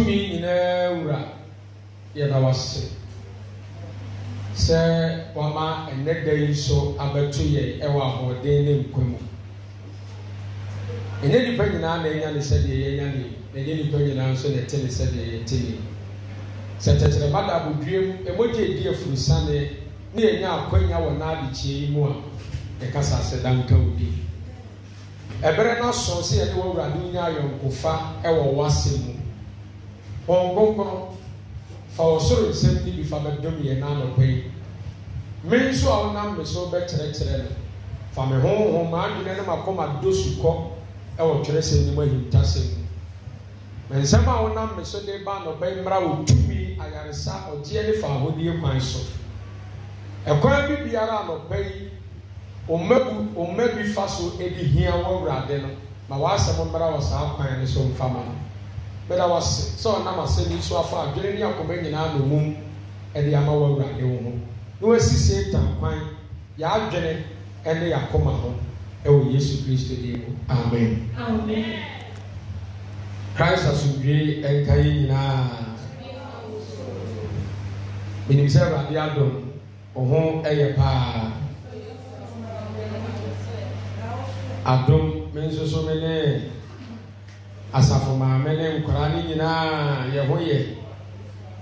tumi nyinaa wura yɛda wase sɛ wama ɛnɛ da yi nso abɛto yɛn ɛwɔ ahoɔden ne nkwa mu ɛnyɛ nipa nyinaa na ɛnya ne sɛdeɛ yɛnya ne ɛnyɛ nipa nyinaa nso na ɛte ne sɛdeɛ yɛte ne sɛ tɛtɛrɛma da abodua mu ɛmɔgye edi afurusa ne ne yɛnya akɔnya wɔ n'adekyee yi mu a ɛkasa asɛ danka wo bi ɛbɛrɛ n'asɔ sɛ yɛde wɔ awurade nya ayɔnkofa ɛwɔ wase mu wɔn fa ɔsoro nsɛm ne bi fa bɛdom yɛn n'anɔpɛ yi me nso a ɔnam me so bɛkyerɛkyerɛ no fa me honhom m'adwene ne m'akoma do sukɔ ɛwɔ twerɛsɛm ne mu ahintasɛm me nsɛm a ɔnam me so de ba anɔpɛ yi mmra wɔ tumi ayaresa ɔgyeɛ ne fa ahodeɛ kwan so ɛkwan bi biara anɔpɛ yi ɔmma bi fa so edi hia wɔ awurade no Ma wɔasɛm mmra wɔ saa kwan no so mfama no bɛda wase sɛ ɔnam asɛm yi so afa adwene ne akoma nyinaa na mum ɛde ama wɔ awurade wo ho na wasi satan kwan yɛadwene ɛne yɛakoma ho ɛwɔ yesu kristo din mu amen christ asomdwee ɛnka yi nyinaa menim sɛ awurade adom wo ho ɛyɛ paa adom me nso so me asafo maame ne nkwaraa ne nyinaa yɛ ho yɛ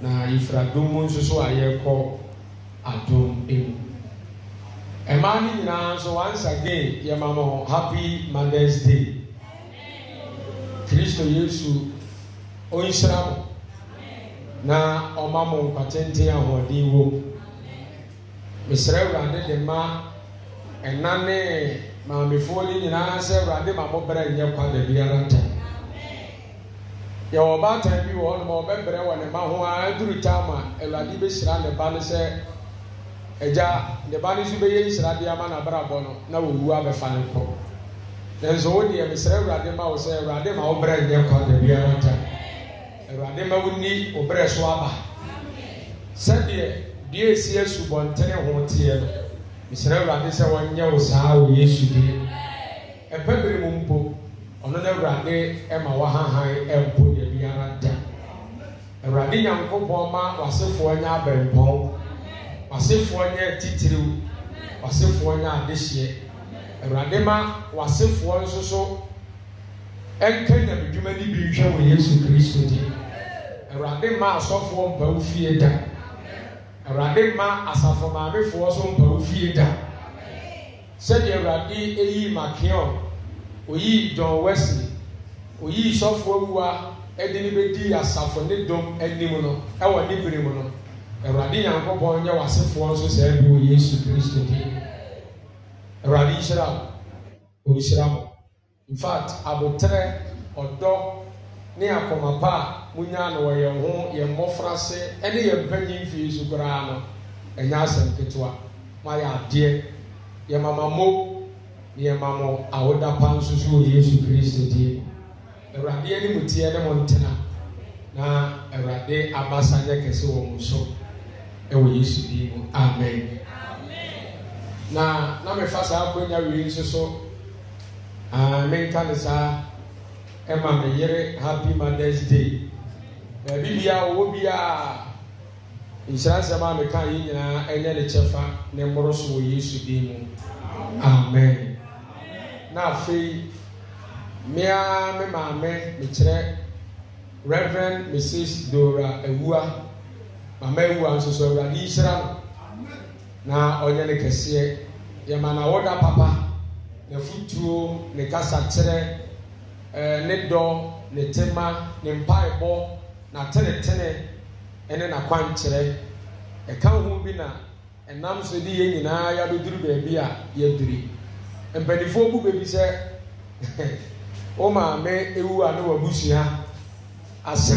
na yɛfira dom mu nso so a yɛrekɔ adom mu mmaa no nyinaa nso once again yɛma mo happy mothers day kristo yesu ɔnhyira mo na ɔma mo nkwatenten ahoɔden wɔ mu mesrɛ awurade de ma ɛna ne maamefoɔ no nyinaa sɛ awurade ma mo brɛ nyɛ kwa da biara ntam yɛwɔ ɔbaatan bi wɔ hɔnom a ɔbɛbrɛ wɔ ne ba ho a aduru taama awurade bɛhyira ne ba no sɛ agya ne ba no nso bɛyɛ nhyiradeɛ ama n'abrabɔ no na wɔwu abɛfa ne kɔ nanso wo deɛ mesrɛ awurade ma wo sɛ awurade ma wo nyɛ kɔ da biara ta awurade ma wo ni wo brɛ so aba sɛdeɛ deɛ esi asubɔntene ho teɛ no mesrɛ awurade sɛ wɔnyɛ wo saa wɔ yesu deɛ ɛpɛ bere mu mpo ɔno na awurade ɛma wahahan ɛmpo yɛ biara da awurade nyankopɔn ma wasefoɔ nyɛ abɛnpɔn wasefoɔ nyɛ titiriw wasefoɔ nyɛ adehyeɛ awurade ma wasefoɔ nso so ɛnka nyamedwuma no bi nhwɛ wɔ yesu kristo di awurade ma asɔfoɔ mpawo fie da awurade ma asafo maamefoɔ so mpawo fie da sɛdeɛ awurade ɛyi makeon oyi john wesley oyi sɔfo ewua ɛdi ni bɛ di asafo ne dɔm anim no ɛwɔ ne bere mu no awurade nyankopɔ nyɛ wasefoɔ nso sɛ ɛbi wɔ yesu kristo di awurade nhyira o nhyira mo in fact abotire ɔdɔ ne akɔma pa a munya no wɔ yɛn ho yɛn mmɔfrase ɛne yɛn mpanyin fie so koraa no ɛnyɛ asɛm ketewa ma yɛ adeɛ yɛ mamamo nneɛma mo a woda pa nso so wɔ yesu kristo die awurade anim teɛ ne mo ntena na awurade abasa nyɛ kɛse wɔ mo so ɛwɔ yesu die mu amen na na mefa saa akonnwa wei nso so aa ah, menka ne saa ɛma me yere happy mothers day baabi bia wɔwɔ biara nhyira a meka yi nyinaa ɛnyɛ ne kyɛfa ne mmoro so wɔ yesu din mu amen na afei mmea me maame mekyerɛ reverend mrs dora awua mama awua nso so awurade nhyira no na ɔnyɛ ne kɛseɛ yɛma na wɔda papa n'afutuo ne kasakyerɛ ɛɛ eh, ne dɔ ne tema ne mpaebɔ n'atenetene ɛne na n'akwankyerɛ ɛka ho bi na ɛnam so de yɛn nyinaa yɛadoduru beebi a yɛaduru. mpanimfoɔ bu beebi sɛ wo maame ewu a ne wabusua asa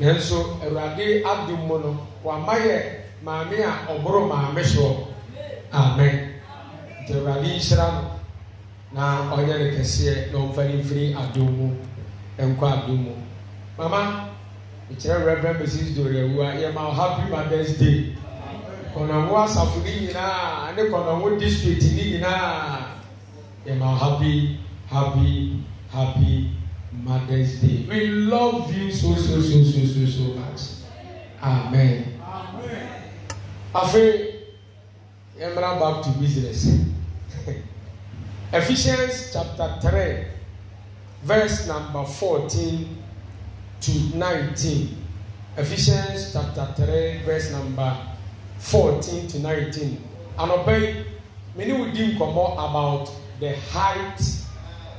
nanso awurade adum mu no wama yɛ maame a ɔboro maame soɔ amen nti awurade nhyira no na ɔnyɛ ne kɛseɛ na ɔmfa ne mfiri adum mu nkɔ adum mu mama ekyerɛ reverend mrs dori ewu a yɛ ma happy mother's day. kɔnɔnwo asafo ne nyinaa ne kɔnɔnwo district ne nyinaa Ema happy happy happy mother's day we love you so so so so so so much amen. amen. afei yɛn mra back to business ephesians chapter three verse number fourteen to nineteen ephesians chapter three verse number fourteen to nineteen and yi Many wo di nkɔmɔ about the height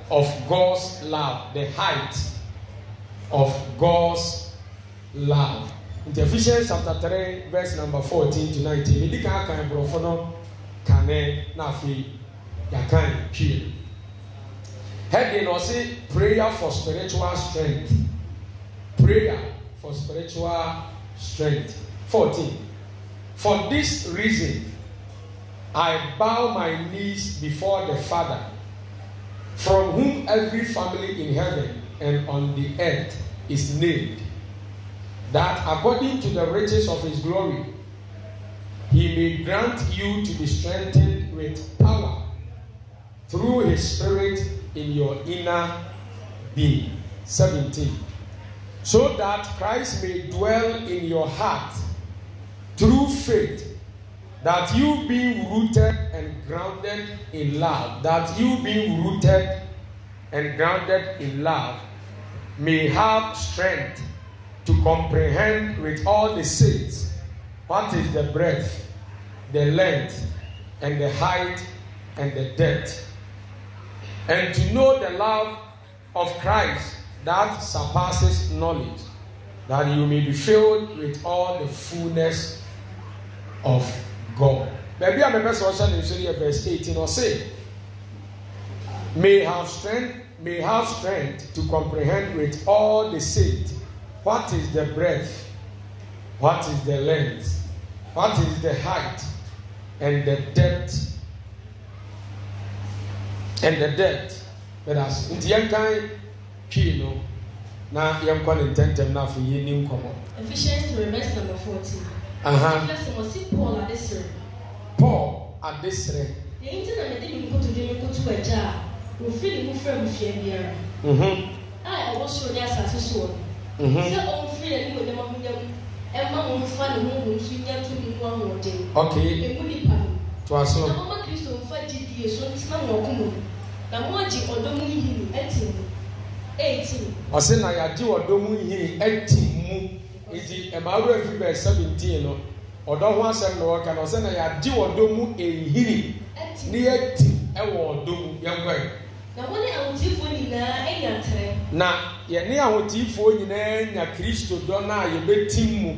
of God's love the height of God's love nti Ephesians chapter three verse number fourteen to nineteen medi kan kan borɔfo no kane na afei yakan twie e heading na ɔsi prayer for spiritual strength prayer for spiritual strength fourteen. For this reason, I bow my knees before the Father, from whom every family in heaven and on the earth is named, that according to the riches of his glory, he may grant you to be strengthened with power through his spirit in your inner being. 17. So that Christ may dwell in your heart through faith that you being rooted and grounded in love, that you being rooted and grounded in love, may have strength to comprehend with all the saints what is the breadth, the length, and the height, and the depth, and to know the love of Christ that surpasses knowledge, that you may be filled with all the fullness of God. Baabi a mepɛ sɛ ɔhyɛ ne nso yɛ verse eighteen ɔse may have strength may have strength to comprehend with all the saints what is the breadth what is the length what is the height and the depth and the depth but as nti yɛn kan pii no na yɛn kɔ ne ntɛntɛm na afɔ yɛn ni nkɔmɔ. Ephesians three number fourteen aha lẹsẹ wọ si Paul Adesere. Paul Adesere. èyí tí na mẹdẹ mi nkoto de mi nkoto ẹja a òfin ni mo fẹ mo fìyà biara. a ẹwọ soro mm-hmm. ní asase ah, so ọ. sẹ ọmọ fi yẹn ní wọn dẹmọ mo yẹn ẹ má wọn fa ne ho wọn nso yẹ tó ne ho ahoɔden. ok emu nipa no. to aso. na ọmọ kristo nfa gyi die so ntena wọn kọ mu na wọn agye ọdọm yìí ni ẹtì mu eighteen. ọsẹ na yàgye ọdọm yìí nti mmaa wura fi bɛɛsa bintin no ɔdɔ ho asɛm na na ɔsɛ na yɛade wɔ mu ehiri ne yɛti ɛwɔ ɔdɔ mu yɛnkɔɛ. na wɔn ahotifoɔ nyinaa anya na yɛne ahotifoɔ nyinaa kristo dɔ na yɛbɛtim mu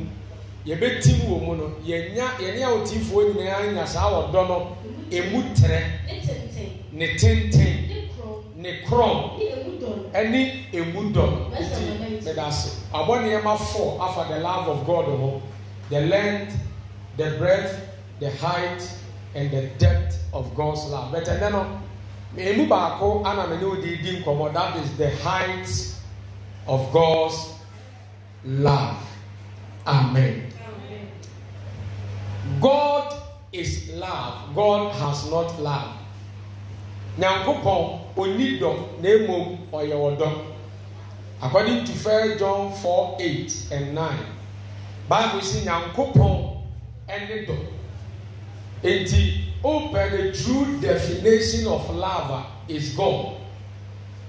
yɛbɛtim wɔ mu nyinaa nya saa no emu tẹrɛ ne ɛne emu dɔm eti ɛda ase abɔ nneɛma four afa the love of God ho the length the breadth the height and the depth of God's love bɛtɛ ɛnɛ no emu baako ana mɛ ne odi di nkɔmɔ that is the height of God's love amen. God is love. God has not love. Nyankopɔn onni dɔm na mmom ɔyɛ ɔdɔ according to first john four eight and nine bible si nyankopɔn ɛne dɔ eti open the true definition of love is god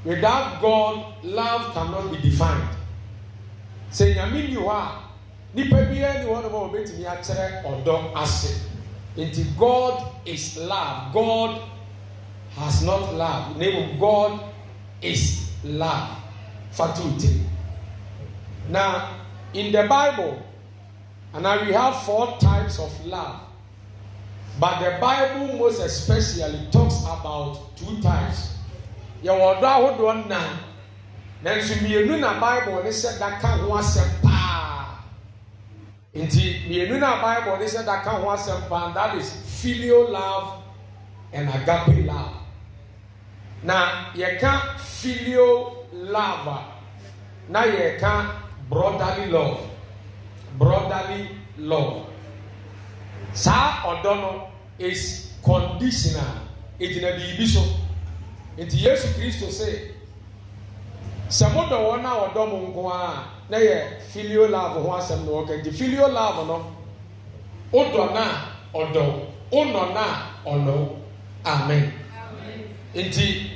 without god love cannot be defined sɛ nyame ni hɔ a nipa biara ni hɔ nom a wɔbɛtumi akyerɛ ɔdɔ ase eti god is love god has not love. The name of God is love. Fatuity. Now, in the Bible, and now we have four types of love. But the Bible most especially talks about two types. Yɛwɔ ɔdɔ ahodoɔ nnan. Nanso mmienu na Bible ne sɛ da ka ho asɛm paa. Nti mmienu na Bible they said that can ho asɛm paa. That is filial love and agape love. Na yɛka filial love na yɛka brotherly love brotherly love saa ɔdɔ no is conditional egyina biribi so nti yesu kristo se sɛ modɔ wɔn a wɔdɔ mo nko ara na yɛ filial love ho asɛm na wɔka nti filial love no wodɔ na ɔdɔ wonɔ na ɔnɔ amen nti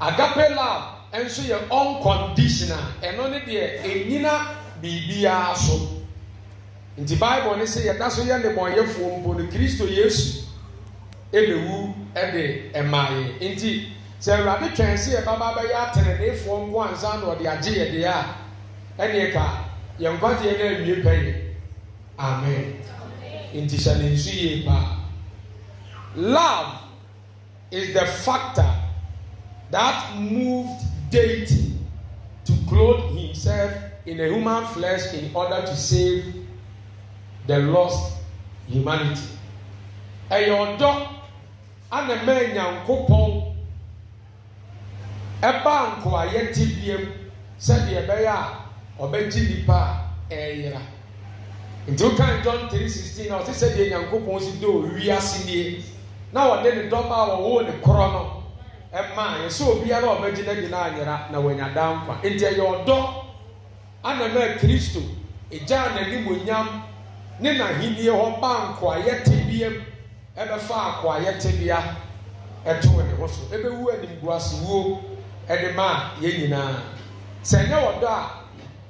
agape love nso yɛ unconditional ɛno ne deɛ ɛnyina biribiara so nti bible ne sɛ yɛda so yɛ nnebɔnyɛfoɔ mpo no kristo yesu ɛbɛwu ɛde ɛmaa yɛ nti sɛ awurade twɛn sɛ yɛbaba bɛyɛ ateneneefoɔ nko ansa na ɔde agye yɛ deɛ a ɛneɛ ka yɛn nkwagyeɛ no awie pɛyɛ amen nti hyɛ ne nsu yie paa love is the factor that moved deity to clothe himself in a human flesh in order to save the lost humanity. ɛyɛ ɔdɔ ana mɛn nyankopɔn ɛba nkoayɛ te biem sɛdeɛ ɛbɛyɛ a ɔbɛgye nipa a ɛyera nti wokan john three sixteen na ɔte sɛdeɛ nyankopɔn si do owi si nie. na wɔde ne dɔm a wɔwɔ ne korɔ no ɛmaa yɛ sɛ obiara a ɔbɛgyina gyina anyera na wɔanya damfa nti ɛyɛ ɔdɔ anama kristo egyaa n'anim onyam ne n'ahenie hɔ baa nkoayɛte biam ɛbɛfa e akoayɛtebea e ɛto ne ho so ɛbɛwu animguasewuo ɛde e maa yɛn nyinaa sɛ ɛnyɛ wɔdɔ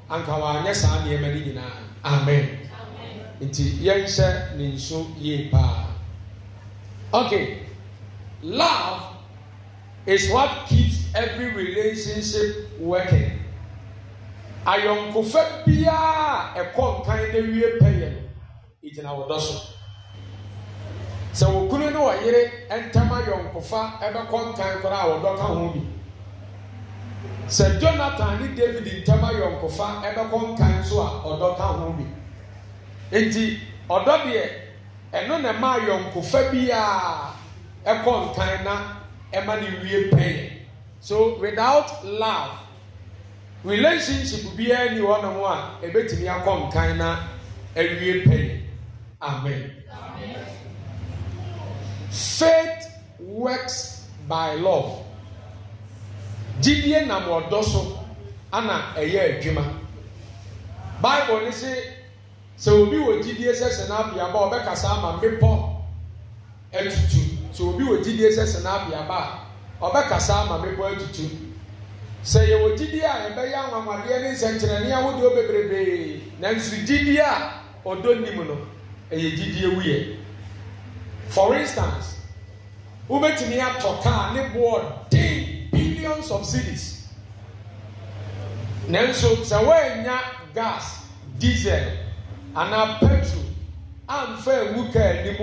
a anka wɔanyɛ saa nneɛma no nyinaa amen nti yɛnhyɛ ne nso yie paa Okay. Love is what keeps every relationship working. Ayɔnkofa biara ɛkɔ nkan na wie pɛyɛ no, egyina wɔ dɔ so. Sɛ wɔkunu ne wɔyere ntam ayɔnkofa ɛbɛkɔ nkan koraa a wɔdɔ ka ho bi. Sɛ Jonathan ne David ntam ayɔnkofa ɛbɛkɔ nkan so a ɔdɔ ka ho bi. Eti ɔdɔ deɛ ɛno na ɛma ayɔnkofa bi a ɛkɔ ntan na ɛma ne wie pɛn so without love relationship biara ni hɔ nom a ebetumi akɔ ntan na ɛwie pɛn amen faith works by love gyidie nam ɔdɔ so ana ɛyɛ adwuma bible ni sɛ sɛ obi wɔ gyidie sɛ sɛnaabiaba a ɔbɛkasa ama mmepɔ atutu sɛ obi wɔ gyidie sɛ sɛnaabiaba a ɔbɛkasa ama mmepɔ atutu sɛ yɛwɔ gyidie a yɛbɛyɛ anwanwadeɛ ne nsɛnkyerɛnne ahodoɔ bebrebee nanso gyidie a ɔdɔ nim no ɛyɛ gyidie wuyɛ for instance wobɛtumi atɔ kaa ne boɔ den billions of cities nanso sɛ woanya gas diesel anaa petro amfa ewu kaa anim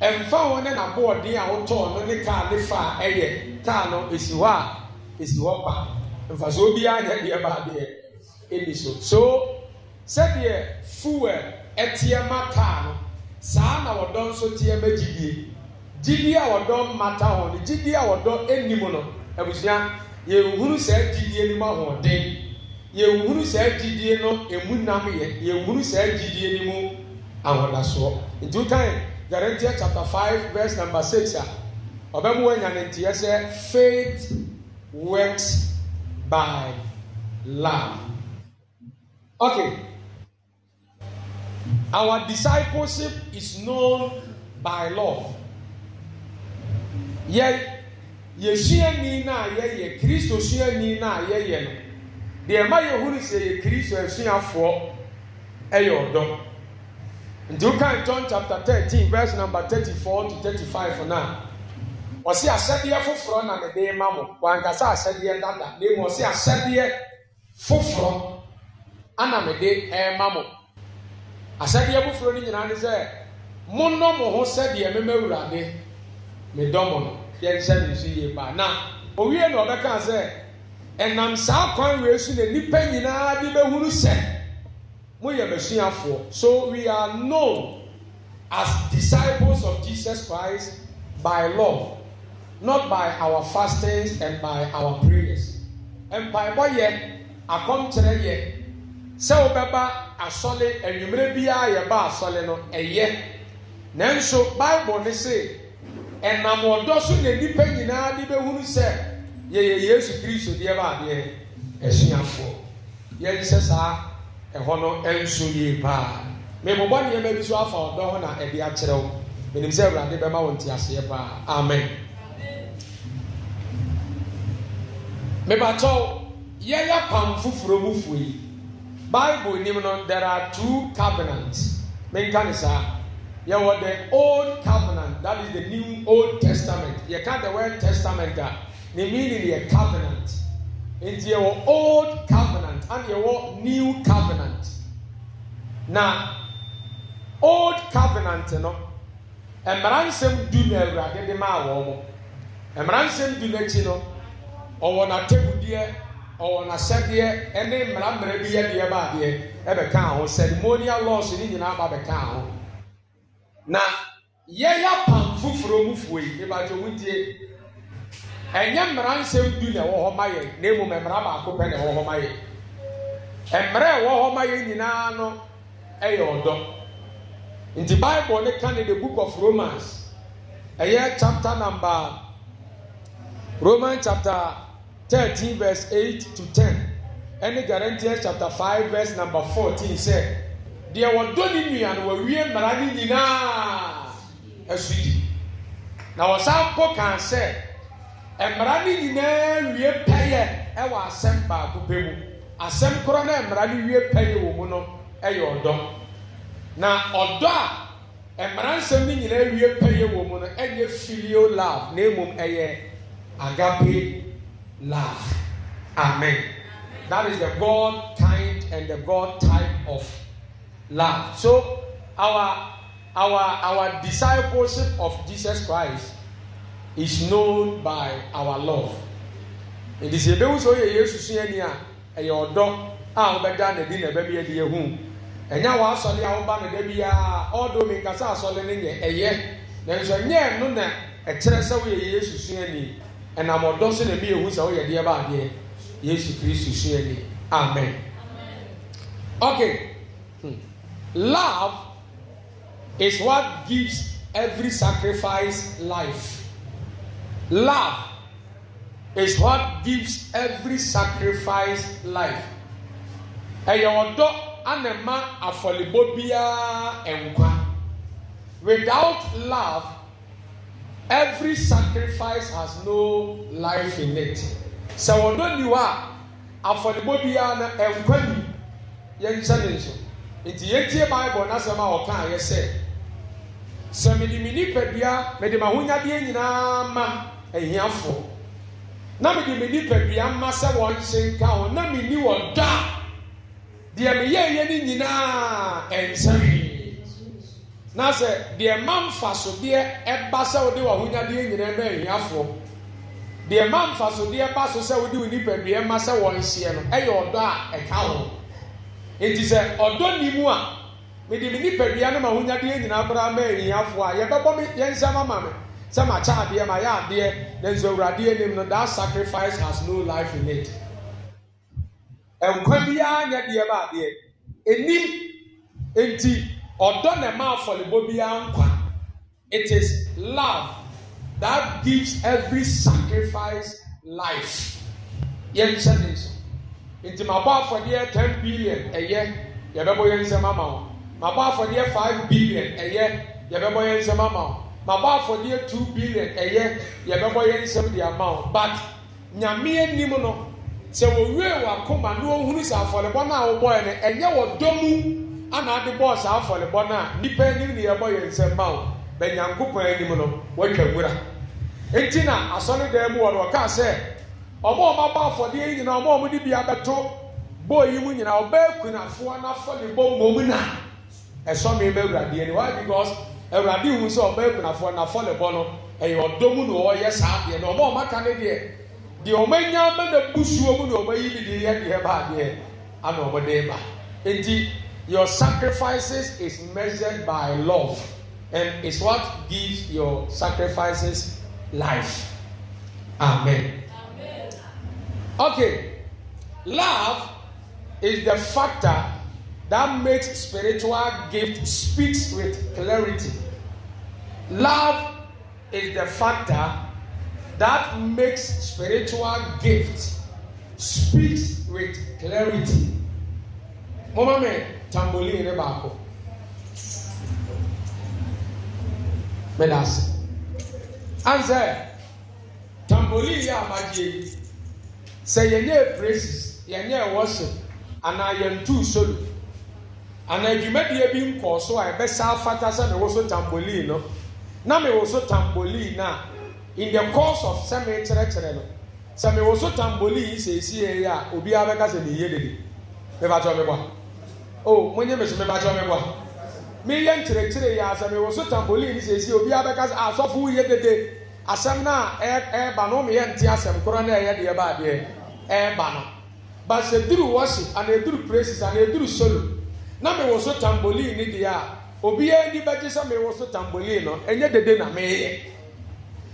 a mfa wɔn ne n'aboɔden a wotɔɔ no ne kaa ne fa ɛyɛ kaa no esi hɔ a esi hɔ pa mfasoɔ biara nyɛ deɛ baadeɛ ɛni so so sɛdeɛ fuel ɛteɛ ma kaa no saa na wɔdɔ nso teɛ ma gyidie gyidie a wɔdɔ mmata wɔn no gyidie a wɔdɔ anim no abusua yɛn huru saa gyidie no ma wɔn den. yɛnhunu saa gyidie no emu nam yɛ yɛnhunu saa gyidie no mu ahodasoɔ nti wotan garentia chapter five verse number six a ɔbɛn mu wɔnya ne nteɛ sɛ faith works by love okay our discipleship is known by love yɛ yɛ suani na yɛyɛ kristo suani na yɛyɛ no. deɛ ɛma yɛhunu sɛ yɛ kristo asuafoɔ ɛyɛ ɔdɔ nti wokan john chapter thirteen verse number thirty four to thirty five na ɔsi ahyɛdeɛ foforɔ na ne de ma mo wankasa ahyɛdeɛ dada na emu ɔsi ahyɛdeɛ foforɔ ana me de ɛma mo ahyɛdeɛ foforɔ no nyinaa ne sɛ monnɔ mo ho sɛdeɛ mema awurade no na owie na ɔbɛka sɛ ɛnam saa kwan wei so na nipa nyinaa de bɛhunu sɛ moyɛ bɛsuafoɔ so we are known as disciples of jesus christ by love not by our fastings and by our prayers mpaebɔ yɛ akɔmkyerɛ yɛ sɛ wobɛba asɔle anwummerɛ biara yɛba asɔle no ɛyɛ nanso bible ne se ɛnam ɔdɔ so na nipa nyinaa de bɛhunu sɛ yɛyɛ yesu kristo deɛ baadeɛ asuafoɔ yɛn sɛ saa ɛhɔ no nso yie paa mmemmɔbɔ nneɛma bi so afa ɔdɔ hɔ na ɛde akyerɛ wo menim sɛ awurade bɛma wɔn te aseɛ paa amen mebatɔw yɛyɛ pam foforɔ mu fue bible nim no there are two covenants menka ne saa yɛwɔ the old covenant that is the new old testament yɛka the word testament a ne meaning yɛ covenant nti yɛwɔ old covenant and yɛwɔ new covenant na old covenant no mmaransɛm du na awurade de maa wɔn mmaransɛm du n'akyi no ɔwɔ n'atabudeɛ ɔwɔ n'ahyɛdeɛ ɛne mmaramara bi yɛdeɛ baadeɛ ɛbɛka ho ceremonial laws ne nyinaa ba bɛka ho na yɛyɛ apam foforɔ mu fue ebaatɔ mu tie. ɛnyɛ mmara nsɛm du na ɛwɔ hɔ ma yɛn na emu mmara baako pɛ na ɛwɔ hɔ ma yɛn mmara a ɛwɔ hɔ ma yɛn nyinaa no ɛyɛ ɔdɔ nti bible ne ka ne the book of romans ɛyɛ chapter number roman chapter thirteen verse eight to ten ɛne Galatians chapter five verse number fourteen sɛ deɛ wɔdɔ ne nua no wɔawie mmara ne nyinaa ɛso na wɔsan po kan sɛ. mmara no nyinaa wie pɛyɛ ɛwɔ asɛm baako pɛ mu asɛm korɔ na mmara no wie pɛyɛ wɔ mu no ɛyɛ ɔdɔ na ɔdɔ a mmara nsɛm no nyinaa wie pɛyɛ wɔ mu no ɛnyɛ filio love na mmom ɛyɛ agape love amen that is the god kind and the god type of love so our our our discipleship of jesus christ is known by our love nti sɛ ebewu sɛ ɔyɛ yesu suani a ɛyɛ ɔdɔ a ɔbɛda na di na ɛbɛ bi adi ehu ɛnya wɔ asɔle a ɔba na ɛbɛ bi a ɔdɔ mi nkasa asɔle ne yɛ ɛyɛ na nso nyɛ no na ɛkyerɛ sɛ ɔyɛ yesu suani ɛnam ɔdɔ so na ebi ehu sɛ ɔyɛ deɛ baadeɛ yesu kristu suani amen okay hmm. love is what gives every sacrifice life. Love is what gives every sacrifice life. Ẹyẹ ọdọ anama afọlibọ biara ẹnkwa. Without love, every sacrifice has no life in it. Sẹ ọdọ niwa a afọlibọ biara na ẹnkwa ni yẹn nhyɛ ne nso. Nti yẹn tie Bible n'asɛm a ɔka a yɛ sɛ sɛ mede me nipadua mede m'ahonyadeɛ nyinaa ma ahiafo na mede me nipadua ma sɛ wɔnhye nka ho na menni wɔ dɔ a deɛ meyɛyɛ no nyinaa ɛnsa hwee na sɛ deɛ ma mfasodeɛ ɛba sɛ wode w'ahonyadeɛ nyinaa ma ahiafoɔ deɛ ma mfasodeɛ ba so sɛ wode wo nipadua ma sɛ wɔnhyeɛ no ɛyɛ ɔdɔ a ɛka ho enti sɛ ɔdɔ ni mu a mede me nipadua no ma ahonyadeɛ nyinaa koraa ma ahiafoɔ a yɛbɛbɔ me yɛnsɛm ama me sɛ makyɛ adeɛ mayɛ adeɛ nanso awurade anim no that sacrifice has no life in it nkwa biara nyɛ deɛ ba adeɛ enim eti ɔdɔ na ɛma afɔlebɔ biara nkwa it is love that gives every sacrifice life yɛn nhyɛ ne nso nti ma bɔ afɔdeɛ ten billion ɛyɛ yɛbɛbɔ yɛn nsɛm ama wɔn ma bɔ afɔdeɛ five billion ɛyɛ yɛbɛbɔ yɛn nsɛm ama wɔn. mabɔ afɔdeɛ two billion ɛyɛ yɛbɛbɔ yɛn nsɛm de ama wo but nyame anim no sɛ wɔwie na wɔhunu sɛ no a wobɔɛ no ɛnyɛ wɔ dɔ ana ade bɔɔ saa no a nnipa anim ne yɛbɔ yɛn nsɛm ma wo bɛnyankopɔn anim no wɔatwa nwura na asɔredan mu wɔ no sɛ ɔmo a afɔdeɛ bi abɛto bɔɔ yi mu nyinaa ɔbɛɛ kunafoɔ na ɛsɔme why because awurade hu sɛ ɔbɛyɛ kunafoɔ nafɔ ne bɔ no ɛyɛ ɔdɔ mu na ɔyɛ saa deɛ na ɔma ɔma ka ne deɛ deɛ ɔma nya ma na busuo mu na ɔma yi ne deɛ yɛ deɛ ba deɛ ana ɔmo de ba eti your sacrifices is measured by love and is what gives your sacrifices life amen. okay love is the factor that makes spiritual gift speaks with clarity. Love is the factor that makes spiritual gift speaks with clarity. Mo máa mẹ tambolin ní baako. Mẹ́ta ase. Ansẹ́ tambolin yẹ amagye sẹ yẹn yẹ praises yẹn yẹ worship anaa yẹn tu solo anaa adwumadeɛ bi nkɔɔ so a ɛbɛsa afata sɛ mewɔ so tambolii no na mewɔ so tambolii no in the course of sɛ mekyerɛkyerɛ no sɛ mewɔ so tambolii seesie yi a obiara bɛka sɛ meyie dede mebatɔ me bɔa o monye me so mebatɔ me bɔa meyɛ nkyerɛkyerɛ yi a sɛ mewɔ so tambolii no seesie obiara bɛka sɛ asɔfo woyɛ dede asɛm no a ɛɛba no meyɛ nte asɛm korɔ na ɛyɛ deɛ baadeɛ ɛɛba no but sɛ duru worship anaa ɛduru praises anaa ɛduru solo na mewɔ so tambolin ne deɛ a obiara ni bɛgye sɛ mewɔ so tambolin no ɛnyɛ dede na meyɛ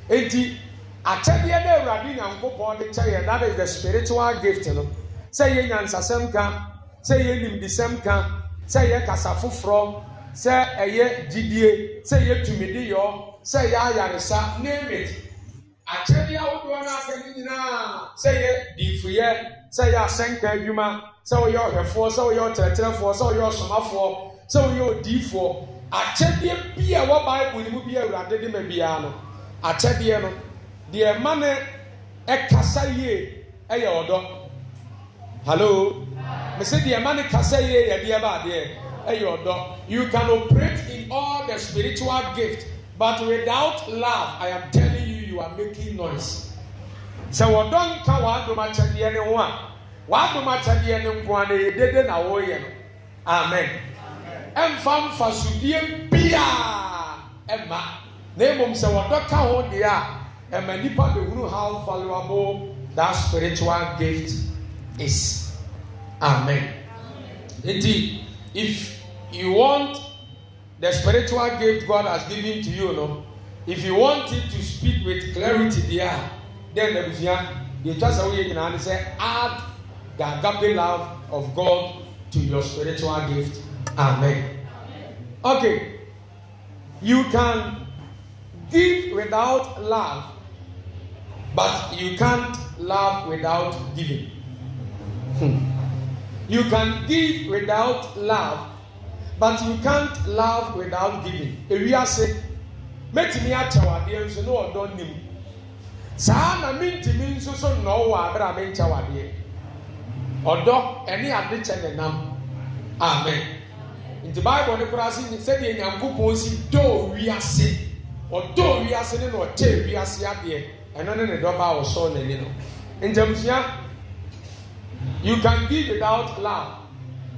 eti akyɛdeɛ na awurade nyankopɔn de kyɛ yɛ that is the spiritual gift no sɛ yɛ nyansasɛm ka sɛ yɛ nimdisɛm ka sɛ yɛ kasa foforɔ sɛ ɛyɛ gyidie sɛ yɛ tumidiyɔ sɛ yɛ ayaresa name it akyɛdeɛ ahodoɔ no asɛ ne nyinaa sɛ yɛ diifuyɛ sɛ yɛ asɛnka adwuma sɛ woyɛ ɔhwɛfoɔ sɛ woyɛ ɔkyerɛkyerɛfoɔ sɛ woyɛ ɔsomafoɔ sɛ woyɛ odiifoɔ akyɛdeɛ bi a ɛwɔ bible no mu bi awurade de ma biara no akyɛdeɛ no deɛ ma ne ɛkasa yie ɛyɛ ɔdɔ hallo mesɛ deɛ ma ne kasa yie yɛ deɛ baadeɛ ɛyɛ ɔdɔ you can operate in all the spiritual gift but without love i am telling you you are making noise sɛ wɔdɔ nka w'adom akyɛdeɛ ne ho a w'adom akyɛdeɛ ne nko a na yɛ dede na wɔreyɛ no amen ɛmfa mfasodie biaa ɛma na mmom sɛ wɔdɔ ka ho deɛ a ɛma nnipa bɛhunu how valuable that spiritual gift is amen nti if you want the spiritual gift God has given to you no if you want it to speak with clarity there then abusua deɛ twa sɛ woyɛ nyinaa ne sɛ add the agape love of God to your spiritual gift amen okay you can give without love but you can't love without giving hmm. you can give without love but you can't love without giving say, make me ewiase mẹtìmí akyẹwàdeẹ nso ní ọdọ nìmu. saa na mentumi nso so nnɔɔ wɔ abere a menkyɛ wadeɛ ɔdɔ ɛne adekyɛ ne nam amen nti bible no koraa se sɛdeɛ nyankopɔn si dɔɔ wiase ɔdɔɔ wiase ne na ɔtɛɛ wiase adeɛ ɛno ne ne dɔba a ɔsɔɔ n'ani no ntamsua you can give without love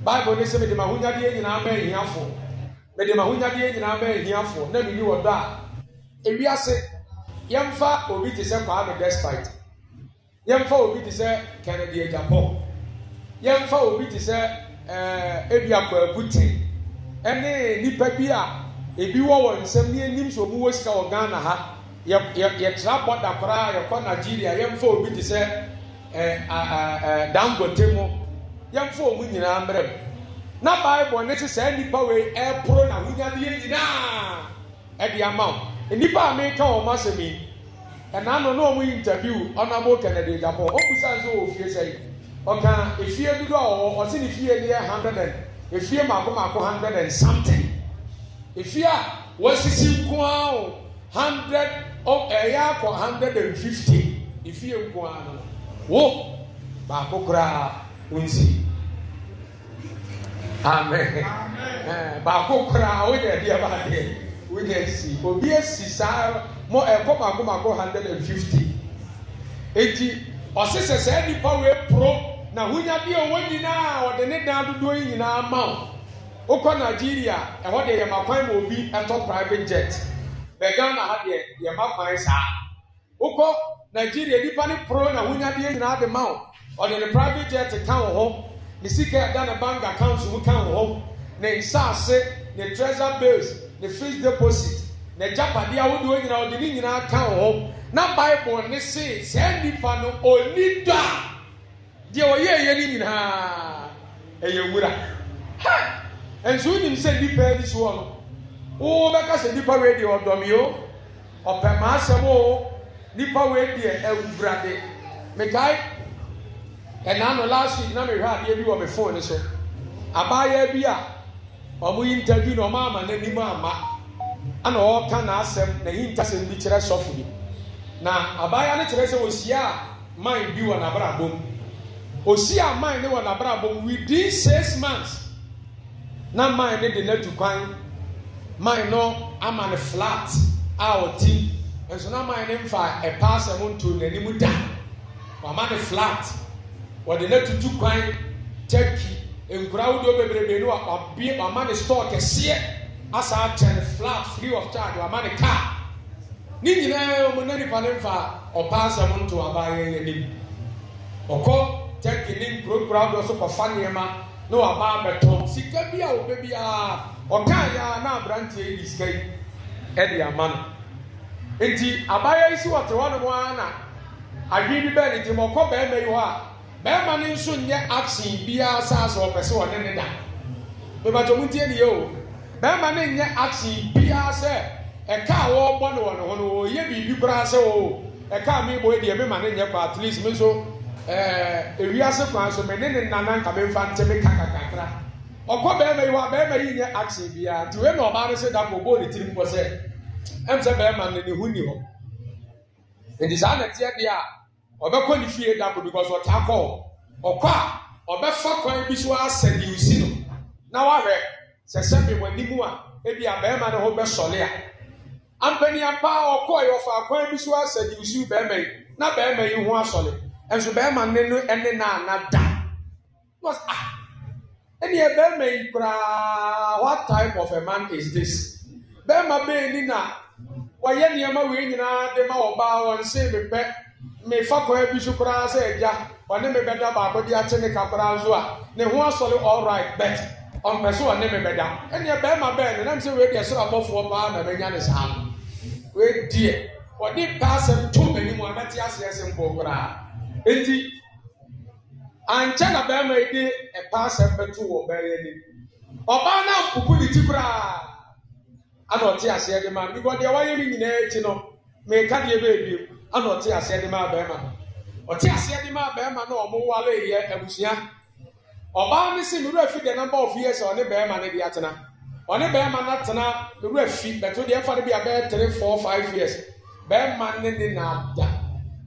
bible ne sɛ mede m'ahonyadeɛ nyinaa ma ahiafoɔ mede m'ahonyadeɛ nyinaa ma ahiafoɔ na menni wɔ dɔ a ewiase yɛmfa obi te sɛ kwame despite yɛmfa obi te sɛ kennedy agapɔ yɛmfa obi te sɛ ɛɛ eh, ebi akɔɛbu ten ɛne nipa bi a ebi wɔ wɔn nsɛm ne anim sɛ ɔmo wɔ sika wɔ ghana ha yɛ yɛ yɛtra bɔda koraa yɛkɔ nigeria yɛmfa obi te sɛ ɛɛ ɛɛ ɛɛ dangote mu yɛmfa ɔmo nyinaa mmerɛ mu na baibul ne sɛ saa nipa wei ɛɛporo na ahonya no yɛ nyinaa ɛde ama wɔn nnipa a meka wɔn mo asɛm yi ɛnano na wɔn interview ɔnabo kennedy japan ɔkusa nso wɔ fie sɛ ɔka efie dodo a wɔwɔ ɔsi ne fie yɛ hundred and efie mako mako hundred and something efie a wɔsisi nko ara o hundred ɛyɛ akɔ hundred and fifty efie nko ara no wo baako koraa onse amen baako koraa o yɛ deɛ baadeɛ. we ga-esi obi esi saa mụ ɛkɔ mako mako hundred and fifty eti ɔsisɛ sɛ nipa wee poro na hunyadi owó nyinaa ɔde ne dan dodoɔ yi nyinaa ma o wokɔ nigeria ɛhɔ deɛ yɛma kwan ma obi ɛtɔ private jet bɛ ghana ha deɛ yɛma kwan saa wokɔ nigeria nipa ne poro na hunyadi nyinaa de ma o ɔde ne private jet ka wo ho ne sika ɛda ne bank account mu ka wo ho ne nsaase ne treasure bills. ne fixed deposit ne japadeɛ ahodoɔ nyinaa ɔde ne nyinaa ka ho na bible ne se saa nipa no ɔni dɔ a deɛ ɔyɛ ɛyɛ ne nyinaa ɛyɛ wura ha nso wonim sɛ nipa ani so hɔ no wowɔ bɛka sɛ nipa wei deɛ ɔdɔme o ɔpɛ maa asɛm o nipa wei deɛ awurade mekae ɛnaa no last week na mehwɛ adeɛ bi wɔ me phone so abaayewa bi a ɔmo yi interview na ɔmo ama n'anim ama ɛna ɔɔka n'asɛm na yi ntasɛm bi kyerɛ sɔfo bi na abaayewa no kyerɛ sɛ osia a man bi wɔ n'abrabɔ mu osia a man ne wɔ n'abrabɔ within six months na man ne de n'atu kwan man no ama ne flat a ɔte nso na man ne nfa ɛpa asɛm nto n'anim da wama ne flat wɔde n'atutu kwan turkey nkura ahodoɔ bebrebe no a wabie wama ne store kɛseɛ asa atɛn flat free of charge wama ne car ne nyinaa wɔn na nipa ne nfa ɔbaa nsɛm nto abaayewa yɛ anim ɔkɔ tɛnki ne nkuronkura ahodoɔ so kɔfa nneɛma na wabaa abɛtɔ sika bi a ɔbɛ bi a ɔkaa yɛ a na aberanteɛ yi di sika yi ɛde ama no nti abaayewa yi si wɔte hɔ nom ara na adwene bi bɛn ne nti ma ɔkɔ bɛrima yi hɔ a bɛrima no nso nyɛ action biara saa sɛ ɔpɛ sɛ ɔne ne da bɛbɛtɔ mu tie ne yɛ o bɛrima no nyɛ action biara sɛ ɛka a wɔrebɔ no wɔ ne ho no wɔyɛ biribi koraa sɛ o ɛka a mebɔ deɛ mema no nyɛ kɔ at least me nso ɛɛ ewiase kwan so me ne ne nana nka me nfa nte me ka ɔkɔ bɛrima yi hɔ a yi nyɛ action biara nti wei na ɔbaa no sɛ da kɔ bɔɔl ne tirim kɔ sɛ ɛm sɛ bɛrima no ne ho ni hɔ nti saa na ɔbɛkɔ ne fie dako because ɔtaa kɔ ɔkɔ a ɔbɛfa kwan bi so asɛ deɛ osi no na wahwɛ sɛ sɛbe w'anim a ebi bɛrima ne ho bɛsɔle a ampania paa ɔkɔ yɛ ɔfa kwan bi so asɛ deɛ osi bɛrima yi na bɛrima yi ho asɔle ɛnso bɛrima ne no ɛne naana da na ɔsɛ ah ɛnni bɛɛma yi koraa what type of a man is this bɛrima bɛɛ ni na wɔyɛ nneɛma wei nyinaa de ma ɔbaa wɔn se bepɛ. mefa kɔɛ bi so koraa sɛ agya ɔne me bɛda baako de akye ne kakora nso a ne ho asɔre ɔlright bet ɔmpɛ so ɔne me bɛda ɛneɛ bɛrima bɛɛ no nam sɛ wei deɛ soro abɔfoɔ paa na mɛnya ne saa no wei deɛ ɔde paa sɛm to m'anim a mɛte aseɛ sɛ mpo koraa enti ankyɛ na bɛrima yi e de ɛpaa sɛm bɛto wɔ bɛyɛ anim ɔbaa na ampuku di ti koraa ana ɔte ase de ma because deɛ wayɛ ne nyinaa akyi e no meka deɛ bɛɛbiem ana ɔte aseɛ de maa bɛrima no ɔte aseɛ de maa bɛrima no ɔmo wale yɛ abusua ɔbaa ne si efi de of years ɔne bɛrima ne de atena ɔne bɛrima no atena nwura deɛ ɛfa ne bi abɛɛ three four five years bɛrima ne de na ada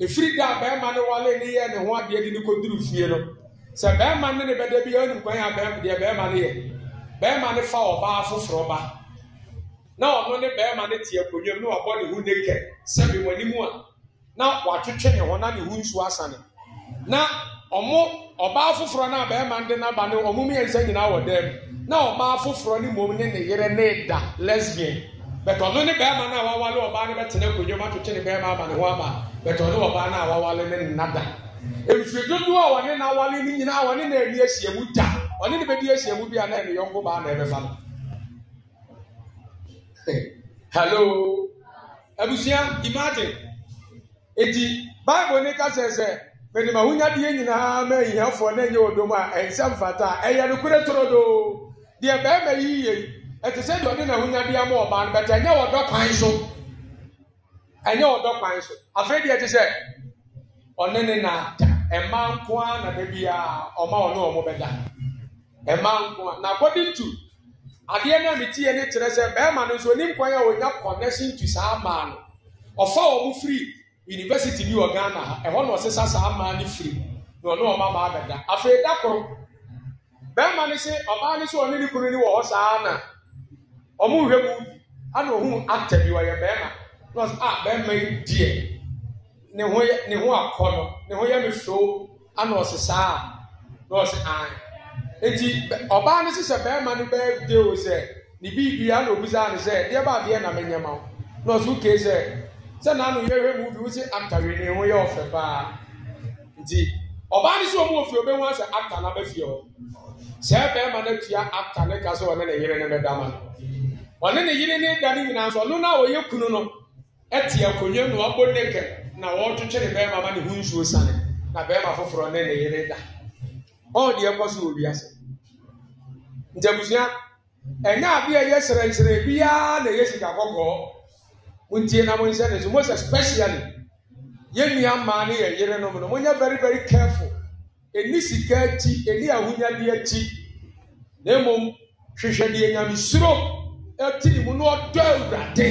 efiri da ne wale ne yɛ ne ho adeɛ de ne ko duru fie no sɛ ne ne bi ɛnu kwan a bɛrima deɛ bɛrima ne yɛ ne fa ɔbaa foforɔ ba na ɔno ne ne te akonnwa mu na wɔatwetwe ne ho na ne ho nsuo asane na ɔmo ɔbaa foforɔ no a bɛrima de n'aba no ɔmo mmiɛnsa nyinaa wɔ dɛm na ɔbaa foforɔ no mmom ne ne yere ne da lesbian bɛtɛ ɔno ne bɛrima no wawale ɔbaa no bɛtena mu ne bɛrima ne ho aba bi a na ɛne yɔnko baa na ɛbɛfa eti baịbụl ndị sị sị mede ma na deɛ nyinaa ma ahiafoɔ na ɛnyɛ wɔdɔm a ɛnsɛ e mfata e a ɛyɛ nokorɛ torodoo deɛ bɛrima yi yie ọ dị na wunya deɛ ama ɔbaa no bɛtɛ ɛnyɛ wɔdɔ kwan so ɛnyɛ wɔdɔ kwan so afei deɛ te sị ɔne na ɛma nkwa na baabi a ɔma ɔne ɔmo bɛda na adeɛ na tie ne kyerɛ sɛ no nso onim kwan a connection to saa maa no ɔfa free university bi wɔ ghana ha ɛhɔ na ɔsesa saa maa no firi na ɔne ɔma maa bɛda afei dakoro koro bɛrima no se ɔbaa no se ɔne ne kunu no wɔ hɔ saa na ɔmo nhwɛ mu ana ohun ata bi ɔyɛ bɛrima na ɔsɛ a ah, bɛrima yi deɛ ne ho yɛ ne ho akɔ no ne ho yɛ no so ana ɔsɛ saa na ɔsɛ an eti ɔbaa no sisɛ bɛrima no bɛɛ de o sɛ ne bi bi ana obisa ne sɛ deɛ baadeɛ na me nyɛ ma na ɔsɛ oke sɛ. sɛ n'ano yɛhwɛ mu bi wusi akta wei ne ho yɛ ɔfɛ paa nti ɔbaa ne sɛ ɔmo wɔ fie ɔbɛn ho asɛ akta n'aba fie hɔ sɛ bɛrima no tua akta ne ka sɛ ɔne ne yere ne bɛda ma ɔne ne yere ne da ne nyinaa nso ɔno na ɔyɛ kunu no ɛte akonnwa mu abɔ ne na wɔretwetwe ne bɛrima ma ne ho nsuo sane na bɛrima foforɔ ne ne yere da ɔn deɛ kɔ so obi ase ntabusua ɛnyɛ adeɛ yɛ serɛnserɛn biara na yɛ sika kɔkɔɔ ntie na mo nhyɛ ne so most especially yɛn nua mmaa ne yɛn yerenom no mo nyɛ very very careful Eni sika akyi ahunya ahonyadeɛ akyi na mmom hwehwɛ deɛ nyamesuro ɛti ne mu na ɔdɔ awurade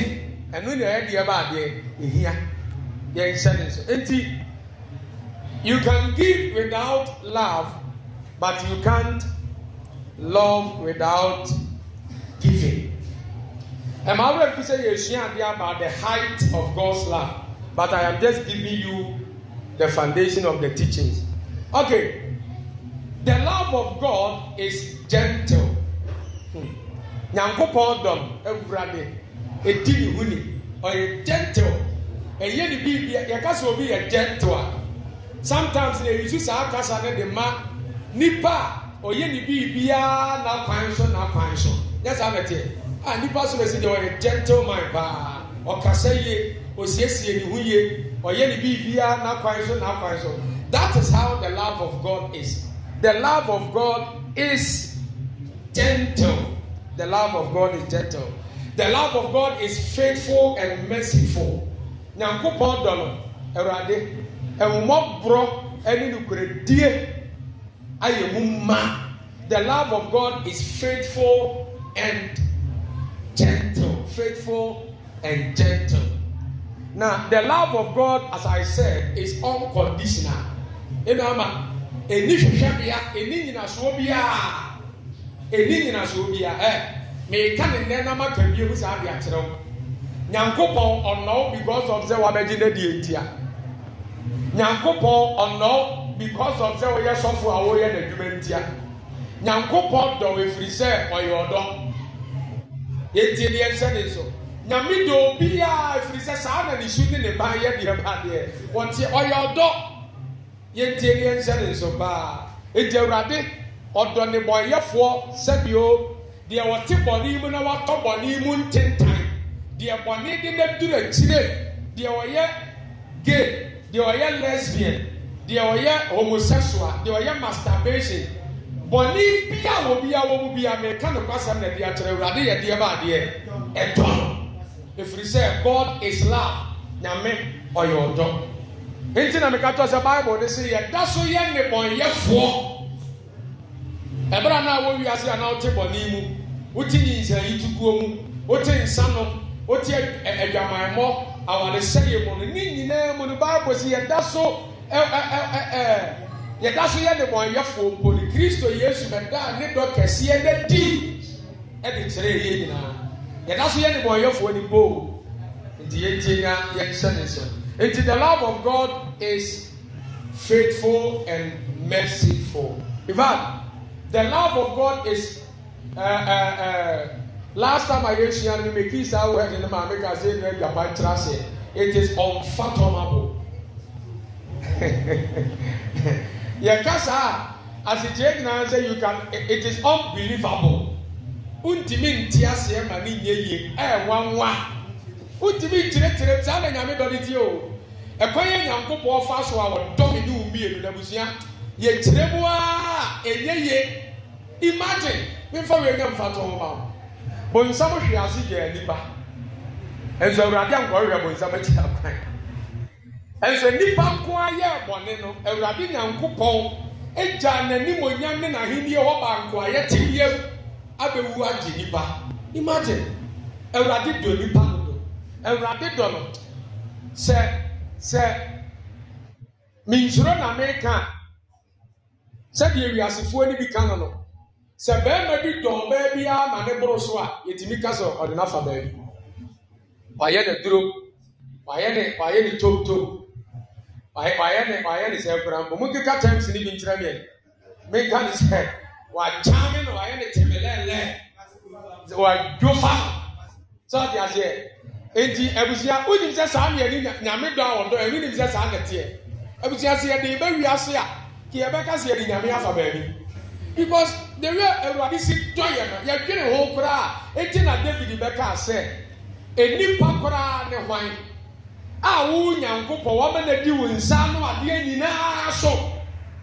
ɛno na ɛyɛ deɛ baadeɛ ehia yɛn hyɛ ne so nti you can give without love but you can't love without giving. And my wife said, Yes, about the height of God's love. But I am just giving you the foundation of the teachings. Okay. The love of God is gentle. nyankopɔn dɔm awurade edi ne hu ni ɔyɛ gentle ɛyɛ ne biribi yɛkasa obi yɛ gentle a sometimes na eyisu saa kasa ne de ma nipa a ɔyɛ ne biribiara n'akwan so n'akwan so nyɛ saa bɛteɛ a nnipa ah, so bɛsi deɛ ɔyɛ gentleman paa ɔkasa yie ɔsiesie ne ho yie ɔyɛ ne biribiara n'akwan so n'akwan so that is how the love of God is the love of God is gentle the love of God is gentle the love of God is faithful and merciful nyankopɔn dɔ no awurade ɛwomɔborɔ ɛne nokoredie ayɛ mu ma the love of God is faithful and gentle, faithful, and gentle. Now, the love of God, as I said, is unconditional. Amen. Eni hwehwɛ eni nyinasoɔ eni nyinasoɔ bia, ɛ, eh, meka ne nnɛ na maka bie mu saa de akyerɛw. Nyankopɔn ɔnɔw because of sɛ wabɛgye ne deɛ ntia. Nyankopɔn ɔnɔw because of sɛ wɔyɛ sɔfo a wɔyɛ n'adwuma ntia. Nyankopɔn dɔw efiri sɛ ɔyɛ ɔdɔ yɛntie deɛ nhyɛ ne so nyame de obi a sɛ saa na ne su ne ne ban yɛ deɛ baadeɛ wɔnte ɔyɛ ɔdɔ yɛntie deɛ nhyɛ ne so paa ɛgye awurade ɔdɔ ne bɔnyɛfoɔ sɛbio deɛ wɔte bɔne mu na wɔatɔ bɔne mu ntentan deɛ bɔne de na duru akyire deɛ wɔyɛ gay deɛ wɔyɛ lesbian deɛ wɔyɛ homosexual deɛ wɔyɛ masturbation bɔne bia wɔ bia wɔ mu bia meka ne kwasɛm na de akyerɛ awurade yɛ deɛ ma adeɛ ɛdɔ efiri sɛ god is love nyame ɔyɛ ɔdɔ nti na meka kyerɛ sɛ bible de se da so yɛ nnebɔnyɛfoɔ ɛberɛ na wɔwiase a na wote bɔne mu wote ninsayi tuguo mu wote nsa no wote adwamanmmɔ awaresɛeɛ mu no ne nyinaa mu no bible sɛ da so ɛɛ yɛda so yɛ nnebɔnyɛfoɔ mpo ne kristo yesu bɛda ne dɔ kɛseɛ da di ɛde kyerɛ yɛ nyinaa yɛda so yɛ nnebɔnyɛfoɔ ne mpo nti yɛntie na yɛnhyɛ ne nsɛm nti the love of god is faithful and merciful in fact the love of god is uh, uh, uh, last time i hear shia make mekii saa word no maame ka sɛ no agyapa nkyerɛ sɛ it is unfathomable yɛka as it asekyerɛ nyinaa say you can it is unbelievable ntumi nte aseɛ ma ne nyɛ yie ɛɛwanwa ntumi nkyerɛkyerɛ saa na nyame dɔ ne tie o ɛkwan yɛ nyankopɔn fa so a wɔdɔme ne wo mmienu na busua yɛkyerɛ mu a ɛnyɛ yie imagine memfa wei nyɛ mfa to ho ma wo bonsam hwe ase yɛ nipa nso awurade ankɔhwɛ bonsam akyi akwan ɛnso nnipa nko no yɛ bɔne no awurade nyankopɔn n'anim n'animonyam ne n'ahenniɛ hɔ baako a yɛte yam abɛwu agye nnipa imagine awurade do nnipa no do awurade do no sɛ sɛ mensuro na ka sɛdeɛ wiasefoɔ no bi ka no no sɛ barima bi dɔn baa biara ma ne boro so a yɛtumi ka sɛ ɔde no afa baabi wayɛ ne duro wayɛ ne wayɛ ne tomtom ɔyɛ ne ɔyɛ ne sɛ kura mbɔ mu nkeka terms ni bi nkyerɛ miɛ menka ne sɛ wakya me na ɔyɛ ne temelɛlɛ wadwo fa sɛ ɔde aseɛ eti abusua wonim sɛ saa mmienu nyame dɔ a wɔn dɔ ɛnu nim sɛ saa nɛteɛ abusua sɛ yɛde bɛwi ase a kì yɛ bɛka sɛ yɛde nyame afa baabi because the way awurade si dɔ yɛ no yɛdwene ho koraa eti na david bɛka sɛ enipa koraa ne hwan. a wo nyankopɔn wɔma na di wo nsa no adeɛ nyinaa so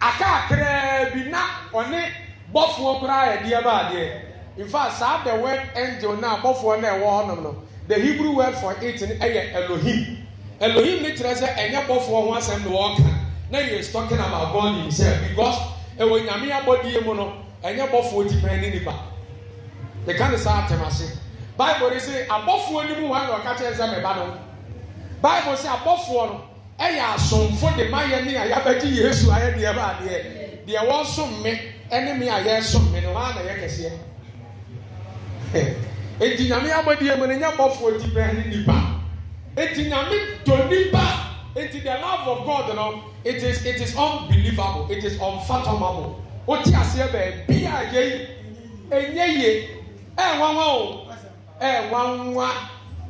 akakraa bi na ọ ɔne bɔfoɔ koraa yɛdeɛ ba adeɛ in fact saa the word angel na abɔfoɔ na ɛwɔ hɔnom nọ the hebrew word for it no ɛyɛ elohim elohim ne kyerɛ sɛ ɛnyɛ bɔfoɔ ho asɛm na wɔɔka na he is talking about god himself because ɛwɔ nyame abɔdeɛ mu no ɛnyɛ bɔfoɔ ti pɛn ne nipa yɛka ne saa atɛm ase bible ne sɛ abɔfoɔ no mu hɔ na ɔka kyerɛ sɛ mɛba no bible sɛ abɔfoɔ no ɛyɛ asomfo de ma yɛ ne a yɛabɛgye yesu ayɛ deɛ ba adeɛ deɛ wɔsom me ɛne me a yɛsom me no haa na yɛ kɛseɛ eti nyame abɔdeɛ mu no nyɛ bɔfoɔ ti bɛn ne nipa eti nyame to nipa eti the love of god no it is it is unbelievable it is unfathomable o ti aseɛ baabi a yɛ yi enye yie ɛɛ nwanwa o ɛɛ nwanwa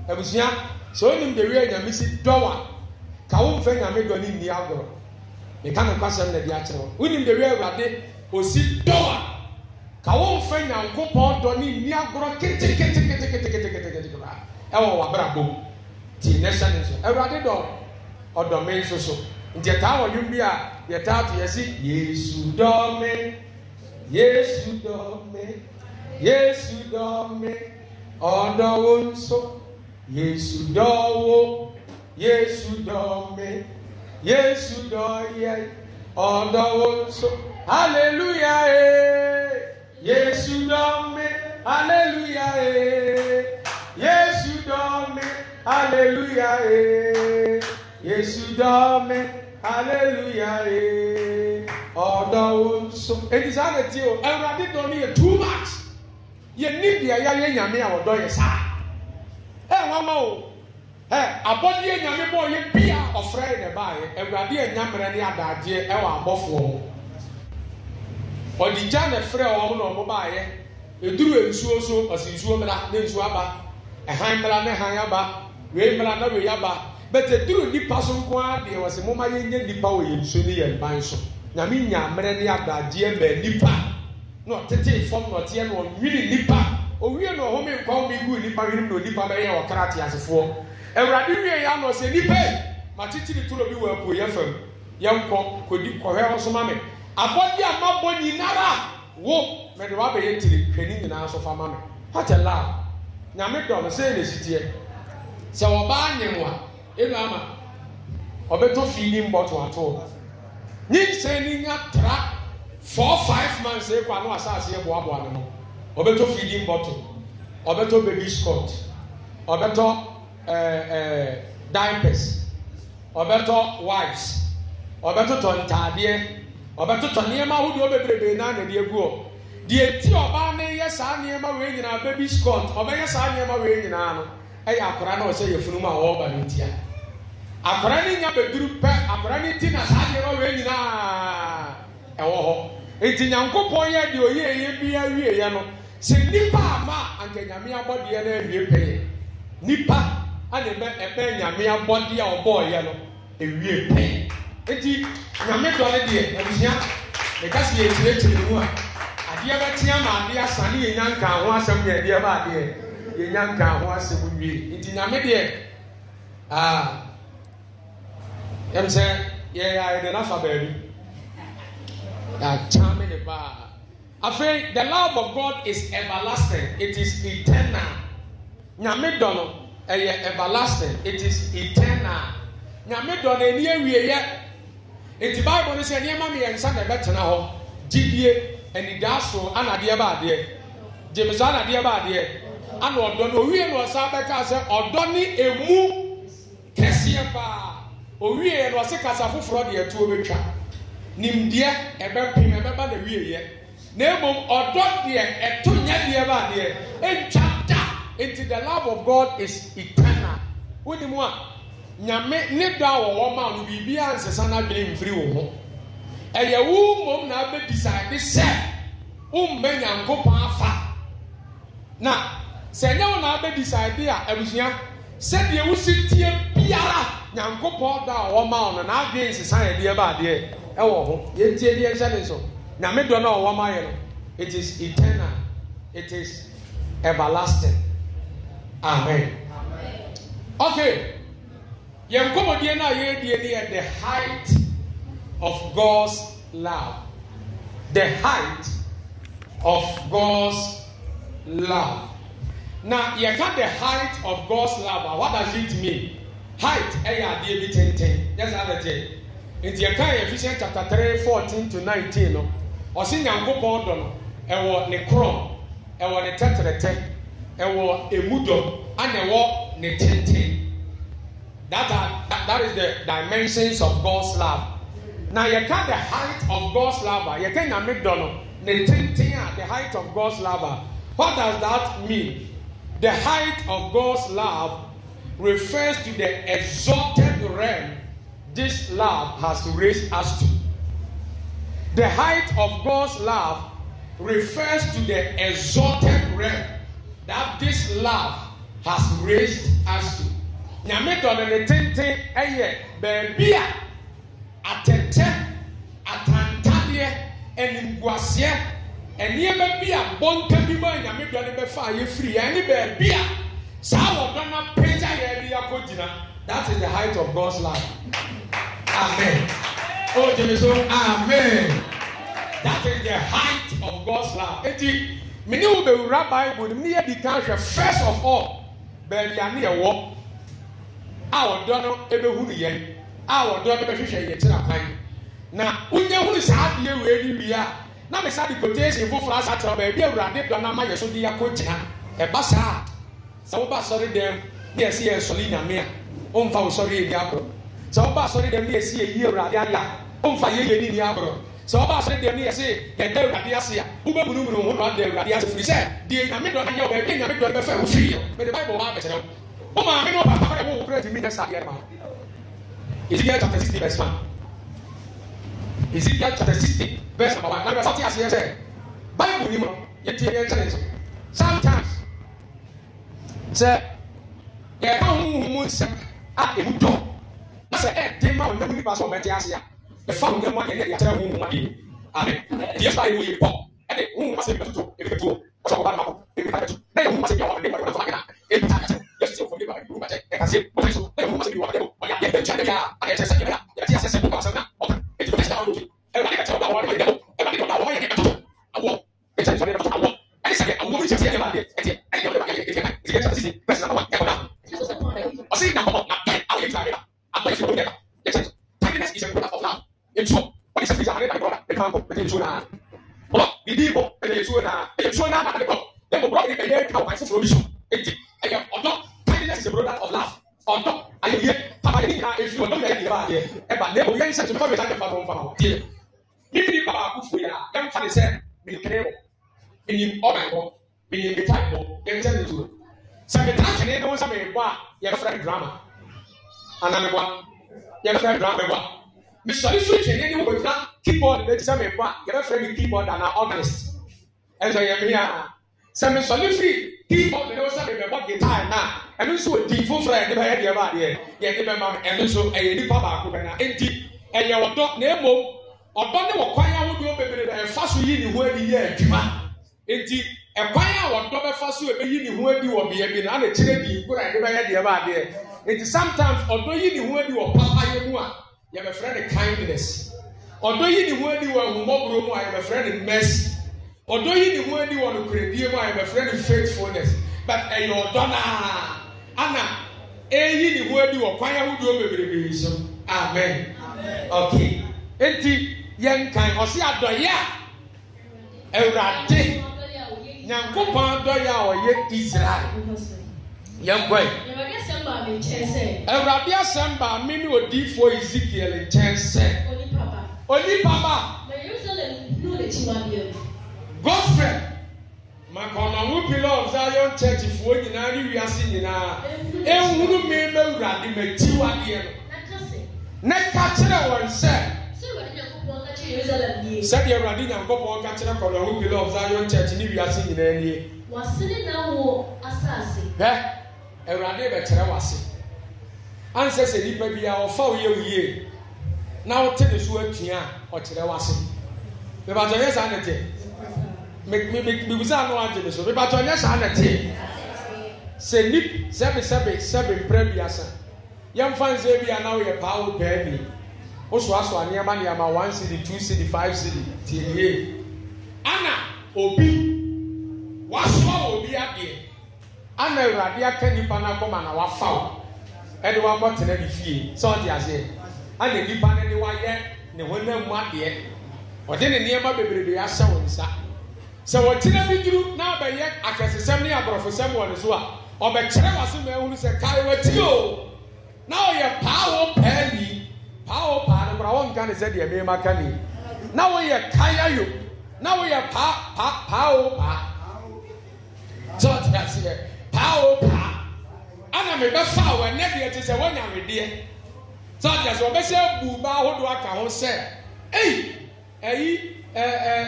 abusua sɛ onim de wia nyame si dɔw a ka wo mfɛ nyame dɔ ne nni agorɔ meka no kwasɛm na de akyerɛ wo wonim de wia awurade osi dɔw a ka wo mfɛ nyankopɔn dɔ ne nni agorɔ keteketeketeketeketekete koraa ɛwɔ w'abrabɔ mu ti ne hyɛ ne nso awurade dɔ ɔdɔ me nso so nti ɛtaa wɔ dwom bi a yɛtaa to yɛsi yesu dɔ me yesu dɔ me yesu dɔ me ɔdɔ wo nso. Yesu dɔ wo, Yesu dɔ me, Yesu dɔ yɛ, ɔdɔ wo nso, hallelujah ee, eh. Yesu dɔ me, hallelujah ee, eh. Yesu dɔ me, hallelujah ee, eh. Yesu dɔ me, hallelujah ee, ɔdɔ wo nso. Èdè sáà ti o, ẹ̀rọ adé dọ̀ ni yẹ too much, yẹ ní ìdí ẹ̀yà yẹ nyàmé à ọ̀dọ́ yẹ ẹ nwa ma o oh. ɛ abɔdeɛ nyame bɔ yɛ bia ɔfrɛ yɛ eh, na ɛbaa yɛ awurade ɛnyammerɛ ne adagyeɛ ɛwɔ abɔfoɔ ɔde gya na ɛfrɛ wɔn na wɔn baa yɛ eduru nsuo so ɔsi nsuo mmira ne nsuo aba ɛhan mmira ne han aba wei mmira na wei aba bɛtɛ duru nipa so nko ara deɛ wɔsi mo ma yɛ nye nipa wɔ yɛn nsuo ne yɛn ban so nyame nyammerɛ ne adagyeɛ bɛɛ nipa na ɔtete fam na ɔteɛ na ɔnwiri nipa. owie na ɔhome nkwan bi gu nipa hwenem na onipa bɛyɛ ɔkra te asefoɔ awurade wie n'ipe ano sɛ nipa matekyere turo bi wɔ yɛnkɔ ma me abɔde a mabɔ nyinara wo mede woabɛyɛ tiri hwɛni nyinaa so fa ma me hɔtɛ laa nyame no sɛ nye a ɛnu ama ɔbɛtɔ fii ni ni nya tra four five months ano asase no ɔbɛtɔ feeding bottle ɔbɛtɔ baby skirt ɔbɛtɔ ɛɛ ɛɛ diapers ɔbɛtɔ wipes ɔbɛtotɔ ntaadeɛ ɔbɛtotɔ nneɛma ahodoɔ bebrebe naa na ɛde egu hɔ deɛ ti ɔbaa ne yɛ saa nneɛma wei nyinaa baby skirt ɔbɛyɛ saa nneɛma wei nyinaa no ɛyɛ akwaraa na ɔsɛ yɛ funum a ɔreba ne ntia akwaraa ne nya beduru pɛ akwaraa ne ti na saa nneɛma wei nyinaa ɛwɔ hɔ eti nyankopɔn yɛ deɛ oyie yɛ bi awie yɛ no sɛ nipa ama anka nyame abɔdeɛ no awie pɛyɛ nipa ana ɛbɛ ɛbɛ nyame abɔdeɛ a ɔbɔɔyɛ no awie pɛyɛ eti nyame dɔ ne deɛ abusua ɛka si yɛkyerɛkyerɛ mu a adeɛ bɛte ama adeɛ asa ne yɛnya nka ho asɛm ne adeɛ ba adeɛ yɛnya nka ho asɛm wie nti nyame deɛ aa sɛ yɛyɛ ayɛ de nafa baabi yɛakyame ne baa afei the love of god is everlasting it is eternal Nyamidono, dɔ no everlasting it is eternal nyame dɔ no ani awie yɛ eti bible no sɛ nneɛma mmiɛnsa na ɛbɛtena hɔ gyidie anidaaso anadeɛ baadeɛ gyemesa anadeɛ baadeɛ odono ɔdɔ no owie na ɔsan bɛka sɛ ɔdɔ ne emu kɛseɛ paa owie na ɔse kasa foforɔ deɛ tuo betwa nimdeɛ ɛbɛpem ɛbɛba na wie yɛ na mmom ɔdɔ deɛ ɛto nya deɛ ba deɛ ɛntwa da nti the love of God is eternal wodi mu a nyame ne dɔ a wɔwɔ ma no biribi a nsesa no adwene mfiri wo ho ɛyɛ wo mmom na abɛdisade sɛ wommɛ nyankopɔn afa na sɛ ɛnyɛ wo na abɛdisade a abusua sɛdeɛ wosi tie biara nyankopɔn dɔ a wɔwɔ ma no na adwene nsesa yɛ deɛ ba adeɛ ɛwɔ ho yɛntie deɛ nhyɛ ne nso nyame dɔ no a ɔwɔ ma no it is eternal it is everlasting amen, okay yɛn nkɔmɔdie no a yɛredie no yɛ the height of God's love the height of God's love na yɛka the height of God's love a what does it mean height ɛyɛ adeɛ bi tenten yɛsɛ adɛkyɛ nti yɛka yɛ Ephesians chapter three fourteen to nineteen no. ɔsi nyankopɔn dɔ no ɛwɔ ne korɔn ɛwɔ ne tɛtɛrɛtɛ ɛwɔ emu dɔ ana ɛwɔ ne tenten that are that, that is the dimensions of God's love na yɛka the height of God's love You yɛka nyame dɔ no ne tenten a the height of God's love what does that mean the height of God's love refers to the exalted realm this love has raised us to. The height of God's love refers to the exalted realm that this love has raised us to. Nyame dɔnne ne tenten yɛ beebi a atɛtɛ, atantadeɛ, animguaseɛ, nneɛma bi a bɔnta bi ma nyame dɔnne bɛfa a yɛfiri yɛn ne beebi a saa wɔ na pɛgya yɛn de akɔgyina. That is the height of God's love. Amen ó oh, jẹ̀mí amen that is the height of God's love eti mini wo bewura bible mu ni yɛ di kan first of all baabi ani yɛ wɔ a ɔdɔ no ebehuru yɛn a ɔdɔ no bɛhwehwɛ yɛn tena kwan na wonye huru saa adeɛ wee ni wia na mɛ saa di quotation foforɔ asa kyerɛ baabi awurade dɔ na ama yɛ so de yɛ ko gyina ɛba saa sɛ woba sɔre dɛm ne yɛ si yɛ sɔre nyame a wɔmfa wo sɔre yɛ bi akɔ sɛ woba sɔre dɛm ne yɛ si yɛ yi awurade ayɛ a ɔmfa yɛyɛ ni ni agorɔ sɛ ɔba asɔre deɛ ne yɛ se yɛda awurade ase a wobɛmunumunu ho na ɔda awurade ase firi sɛ deɛ nyame dɔ ayɛ wɔbɛyɛ nyame dɔ bɛfɛ wo firi mede bible ba abɛkyerɛ wo wo maame ne ɔpapa dɛ wowo kora tumi nyɛ saa deɛ ma ezekiel chapter sixty verse one ezekiel chapter sixty verse number one na bɛ sɔte aseɛ sɛ bible ni mu no yɛtie yɛn kyerɛ nso sometimes sɛ yɛka ho mu nsɛm a ɛmu dɔ na sɛ ɛɛde ma ɔnam nipa sɛ ɔbɛte ase a ɛfa wo nneɛma yɛn yɛ kyerɛ wo nwoma yi ame deɛ saa yɛ wo yɛ bɔ ɛde wo nwoma sɛ bɛtutu ebi bɛtutu ɔba nama ebi na yɛ nwoma sɛ bi a wɔn de ba wɔn ebi ta kɛtɛ yɛ sɛ wɔn de ba wɔn ba kyɛ ɛka se wɔn so na yɛ nwoma sɛ bi bi a ayɛ kyɛ sɛ yɛ bɛ yɛ ti nsuo wɔde sɛ sɛ ade dade kɔla ɛka nkɔ ɛka nsuo naa ɔba bibi bɔ ɛna nsuo naa ɛyɛ nsuo naa dade kɔ yɛ bɔ bɔrɔ ɛyɛ ɛka wɔn foforɔ bi so eti ɛyɛ ɔdɔ kindness is a product of love ɔdɔ ayɛyɛ papa yɛ nyinaa efi ɔdɔ yɛ yɛ baayɛ ɛba ne oyɛ nsɛ tuma mi ta kɛfa wɔn fa wɔn tie bibi baako fo yɛ a yɛn fa de sɛ minkiri wɔ minim ɔbɛn wɔ minim gita wɔ yɛn sɛ nsuo sɛ mi ta kyɛnɛ bi drama anamibɔ mesɔre so kyɛ ne ne wɔgyina keyboard n'akyi sɛ mebɔ a yɛbɛfrɛ me keyboard ana organist ɛsɛ yɛ me a sɛ mesɔre firi keyboard ne sɛ mebɛbɔ guitar na ɛno nso wɔ di foforɔ a yɛde bɛyɛ deɛ baadeɛ yɛde bɛma ɛno nso ɛyɛ nipa baako bɛna enti ɛyɛ ɔdɔ na mmom ɔdɔ ne wɔ kwan ahodoɔ bebree na ɛfa so yi ne ho ani yɛ adwuma enti ɛkwan a wɔdɔ bɛfa so ɛbɛyi ne ho adi wɔ beebi na ana kyerɛ bi nkura yɛde bɛyɛ deɛ baadeɛ enti sometimes ɔdɔ yi ne ho adi wɔ papayɛ mu a yɛbɛfrɛ no kindness ɔdɔ yi ne ho ani wɔ ahummɔborɔ mu a yɛbɛfrɛ no mercy ɔdɔ yi ne ho ani wɔ nokoredie mu a yɛbɛfrɛ no faithfulness but ɛyɛ ɔdɔ naa ana ɛyi ne ho ani wɔ kwan ahodoɔ bebrebe so amen okay eti yɛn kan ɔsi adɔyɛ a awurade nyankopɔn adɔyɛ a ɔyɛ israel. yɛn Awurade asɛm ba odiifo Ezekiel nkyɛn sɛ. Onipa ba. Godfrey. Maka ɔnàwó Zion church nyinaa ni wiase nyinaa. Ehunu mi bɛ wurade Na ti no. Ne ka kyerɛ wɔn sɛ. Sɛdeɛ Awurade Nyankopɔn ka kyerɛ Zion church ni wiase nyinaa nie. na wo awurade bɛkyerɛ wase ansɛ sɛ nipa bi a ɔfa woyɛ woyie na wote ne so atua a ɔkyerɛ wase mebatɔ nyɛ saa ne te mebisa no agye me so mebatɔ nyɛ saa ne te sɛ nip sɛbe sɛbe sɛbe mpra bi asa yɛmfa nsɛ bi a na woyɛ paa wo paa bi wo so aso nneɛma nneɛma one city two city five city tie yie ana obi wasoa wɔ ama awurade aka nipa no akɔma na wafa wo ɛde wakɔtena ne fie sɛ ɔte aseɛ ana nipa no de wayɛ ne honam mu adeɛ ɔde ne nneɛma bebrebe ahyɛ wo nsa sɛ wɔkyerɛ bi duru na abɛyɛ akɛsesɛm ne aborɔfosɛm wɔ ne so a ɔbɛkyerɛ wase ma ahunu sɛ kae wati o na ɔyɛ paa wo paa ni paa wo paa no kora wɔnka ne sɛ deɛ meema ka ni na woyɛ kae ayo na woyɛ paa paa paa wo paa sɛ ɔte aseɛ paa paa ana mebɛfa a wɔnɛ deɛ te sɛ wɔnya wedeɛ sɛ ɔde ba ahodoɔ aka ho sɛ ei ɛyi ɛɛ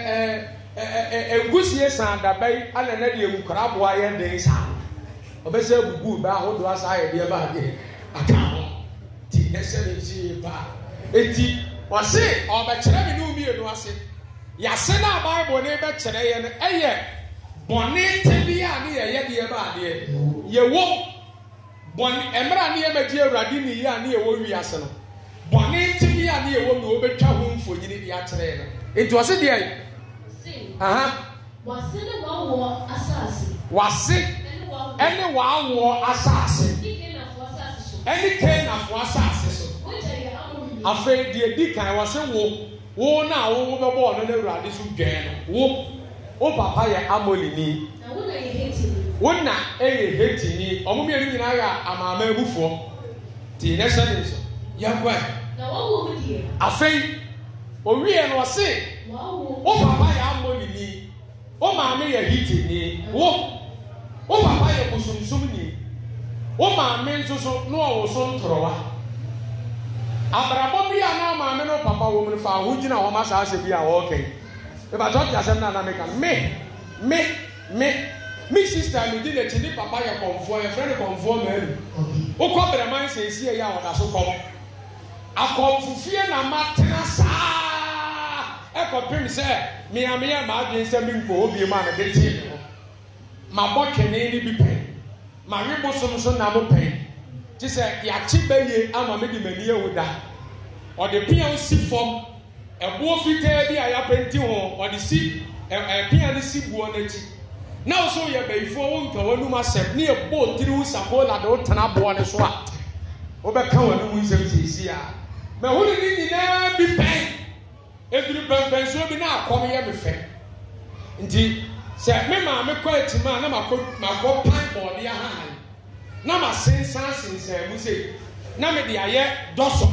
ɛɛ ɛgusie san daba yi ana ne deɛ nkura aboa yɛ den saa ɔbɛhyɛ abubu ba ahodoɔ asa ayɛ deɛ ba aka ho ti ɛsɛ ne eti wɔsi ɔbɛkyerɛ mi omi yɛ no ase yase no ɛyɛ. bɔnne nkyɛn bi a ne yɛyɛ deɛ ba adeɛ yɛwɔ bɔnne mmerɛ a ne yɛ mɛgye awurade ne yie a ne yɛwɔ wiase no bɔnne nkyɛn bi a ne yɛwɔ mu wɔbɛtwa ho mfonyini de akyerɛ no nti wɔsi deɛ. wɔse ne wɔwɔ asaase. wɔse ɛne wɔawɔ asaase ɛne kɛnafoɔ asaase so afei deɛ di kan wɔse wo wo na wo bɛbɔ ɔno ne awurade so dwɛn no wo. wo papa yɛ amolini wo na yɛ hetini ɔmo mmienu nyinaa yɛ amaama ebufoɔ te ne hyɛ ne so yɛnkɔ yi afei owiɛ no ɔse wo papa yɛ amolini wo maame yɛ hitini wo wo papa yɛ bi a na maame no papa wɔ mu no fa wɔn bi a ìbàdàn ti asɛm náà anamika me me me me sista mi di n'akyi ne papa yɛ kɔnfoɔ yɛfrɛ no kɔnfoɔ mɛrin wokɔ bɛrɛman sɛnsie yɛ a ɔda so kɔm akɔnfofie na ma tena saa ɛkɔpem sɛ mmeameɛ maa dwen sɛ mi nkɔ obi mu a na de tie mi ho ma bɔ twene ne bi pɛn ma we bosom so na mo pɛn te sɛ yɛakye bɛyie ama me de m'ani awu da ɔde pia si form. ɛboɔ fitaa bi a yɛapɛnti ho ɔde si ɛpea no si boɔ n'akyi na nso yɛ bɛyifoɔ wontwa w'anum asɛm ne yɛbɔ tiri wo sakola de wotena boɔ no so a wobɛka w'anum nsɛm seesi a ma hone ne nyinaa bi pɛn ɛduru pɛmpɛnsuo bi na akɔm yɛ me fɛ nti sɛ me maame kɔ atima a na makɔ pan bɔɔde ahan na masensan sensɛn mu sei na mede ayɛ dɔsɔ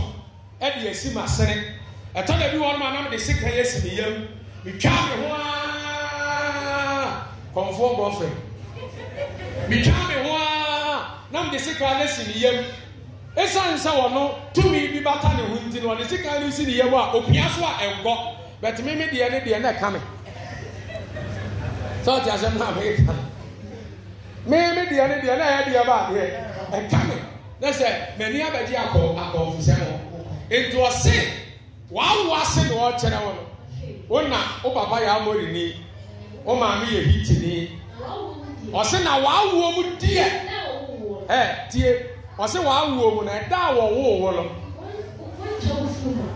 ɛde asi masene ɛtɔ da bi wɔn mu anam de sika yɛ si ne yam metwa me ho aa kɔnfoɔ bɔfɛ metwa me ho aa nam de sika yɛ si ne yam esan sɛ wɔn tumi bi bata ne ho nti no wɔn de sika yɛ si ne yam a opia so a ɛngɔ bɛt mímí deɛ ne deɛ ne ɛka mi sɛ ɔte asɛm naa mi ka mímí deɛ ne deɛ ne ɛyɛ deɛ ba adeɛ ɛka mi ne sɛ mɛ ni abɛgye akɔ akɔ ofisɛ mo nti ɔsi. wawo ase na ɔkyerɛ wo no wo na wo baba yɛ amorini wo maame yɛ ọ ɔse na wawo mu deɛ ɛ tie ɔse wawo mu na ɛda a wɔwoo wo no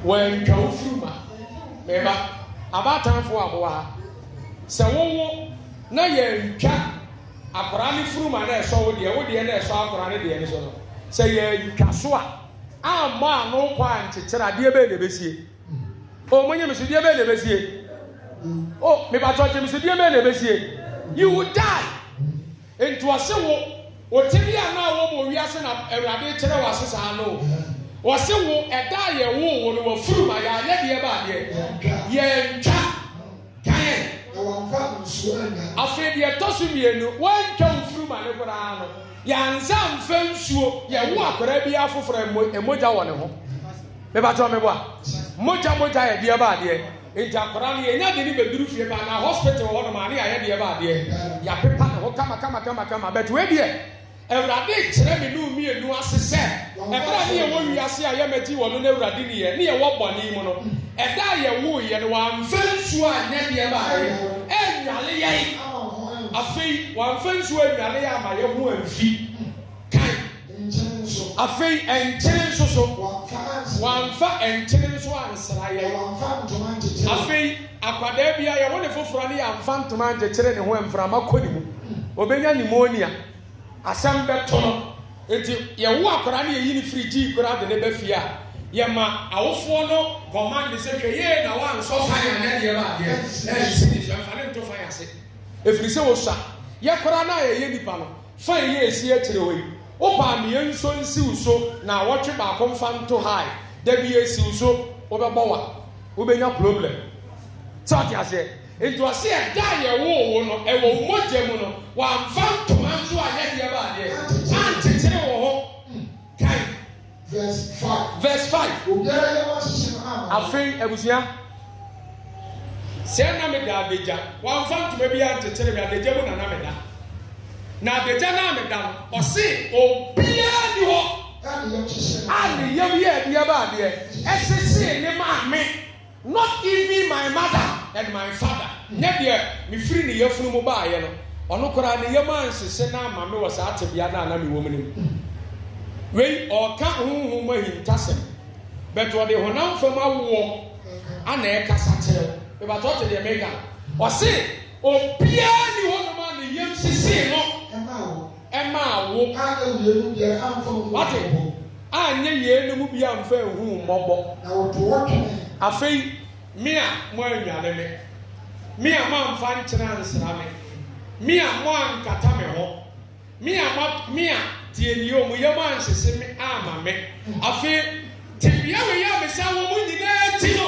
wɔntwa wo firuma mɛba abaatanfo a wɔwɔ ha sɛ wowo na yɛntwa akwaraa ne ma na ɛsɔ wo deɛ wo deɛ na ɛsɔ akwaraa ne deɛ ne so no sɛ yɛntwa so a. ama ano nkwa nkyekyere adeɛ bɛyɛ na ebesie omonye misidie ebe na ebesie o mibatɔ kye misidie ebe na ebesie you will die nti ɔsi wo otiri a na awɔ mo wiase na awurade kyerɛ wɔ asesa ano ɔsi wo ɛda yɛ wụ wụ no wafuru ma yɛ ayɛ deɛ ba adịɛ yɛ ntwa kanyɛ afei deɛ tɔ so mmienu wɔn ntwa ofuru ma ne koraa yansa nfɛ nsuo yɛwo akwadaa bi afoforɔ ɛmogya wɔ ne ho bɛba tɔ mɛbɔ a mogya mogya yɛ deɛ baadeɛ nti akwadaa no yɛnya de ne bɛduru fie ba na hospital wɔ hɔ nom ane yɛayɛ deɛ baadeɛ yɛapepa ne ho kamakamakama bɛto ɛdeɛ awurade kyerɛ me mi mmienu ase sɛ ɛberɛ ne yɛwɔ wiase a yɛmɛgye wɔ no no awurade ne yɛ ne yɛwɔ bɔne mu no ɛda a yɛwoeɛ no wɔamfa nsuo a nyɛ deɛ baadeɛ ɛnyale yɛn afei wamfa nsuo aduane yɛ ama yɛ ho amfi kan afei ɛnkyene nso so wamfa ɛnkyene nso ansra yɛ afei akwadaa bi a yɛwɔ ne foforɔ ne yɛamfa ntoma nkyekyere ne ho mframa kɔ ne mu obɛnya nimonia asɛm bɛtɔ no nti yɛwo akwadaa ne yɛyi ne firi gyi koraa de ne bɛ fie a yɛma awofoɔ no kɔmmande sɛ hwɛ yee na wansɔ fan a na deɛ ba adeɛ na yɛsi ne fiamfa ne ntɔ fan ase ɛfiri sɛ wɔsua yɛkora no a yɛyɛ nnipa no fa yɛ ɛsi akyirɛ hɔ yi nso so na wɔtwe baako mfa nto hae da esi nso so wobɛbɔ wa wobɛnya problem sɛ ɔte aseɛ a yɛwoo wo no ɛwɔ mmogya mu no wɔamfa ntoma nso a ankyekyere wɔ hmm, kae verse verse afei sɛ na me da adagya wamfa ntoma bi antetere me adagya mu na na me da na adagya na me da no ɔse obiara ni hɔ a ne yam yɛ adeɛ ba adeɛ ɛsesee ne maame not even my mother and my father nyɛ deɛ mefiri ne yafunu mu baayɛ no ɔno koraa ne yam ansese na ama me wɔ saa tebea no a na mewɔ mu no mu wei ɔka honhom ahintasɛm bɛtɛ ɔde honam fam awoɔ ana ɛkasa kyerɛ wo bàbá tó tẹ̀lé ẹ̀mẹ́ka ọ̀sẹ̀ òbíẹ́ ni wọ́n mọ̀ ní yẹn sisi nù ẹ máa wo wáti anyẹ yẹn ni mu bi anfa ehu mọbọ afei mi a mo anyane mi mi a mo anfa nkyerɛ nsira mi mi a mo ankata mi ho mi a mo mi a tie ni o mo yɛ mo ansese mi ama mi afei tibia wo yɛ mi sa wo mo nyinaa ti no.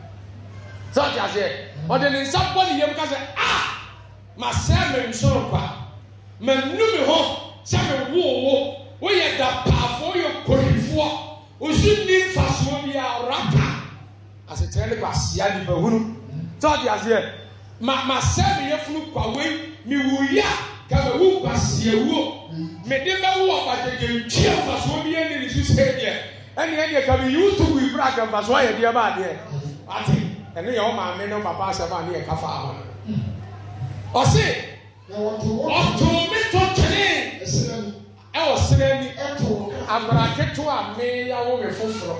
sɛ ɔte aseɛ ɔde ne nsa bɔ ne yam ka sɛ a masɛe me nsorokwa manu me ho sɛ mewoo wo woyɛ dapaafoɔ woyɛ kɔhifoɔ osu nni mfasoɔ bi a ɔrapa asetɛn ne kwasia nipa hunu sɛ ɔte aseɛ ma masɛe me yɛfunu kwawei mewuyi a kamawu kwasiawuo mede bɛwo ɔbagyagye ntwi mfasoɔ bi ani ne su sɛ deɛ ɛne ɛdeɛ kame yiwo to gu ibra ka mfasoɔ ayɛ deɛ baadeɛ ate ɛne yɛ ɔmaame ne papa asɛm a ne yɛ kafa ho no ɔse ɔtoo me to kyene ɛwɔ serɛ ni abra ketewa a meyawo me foforɔ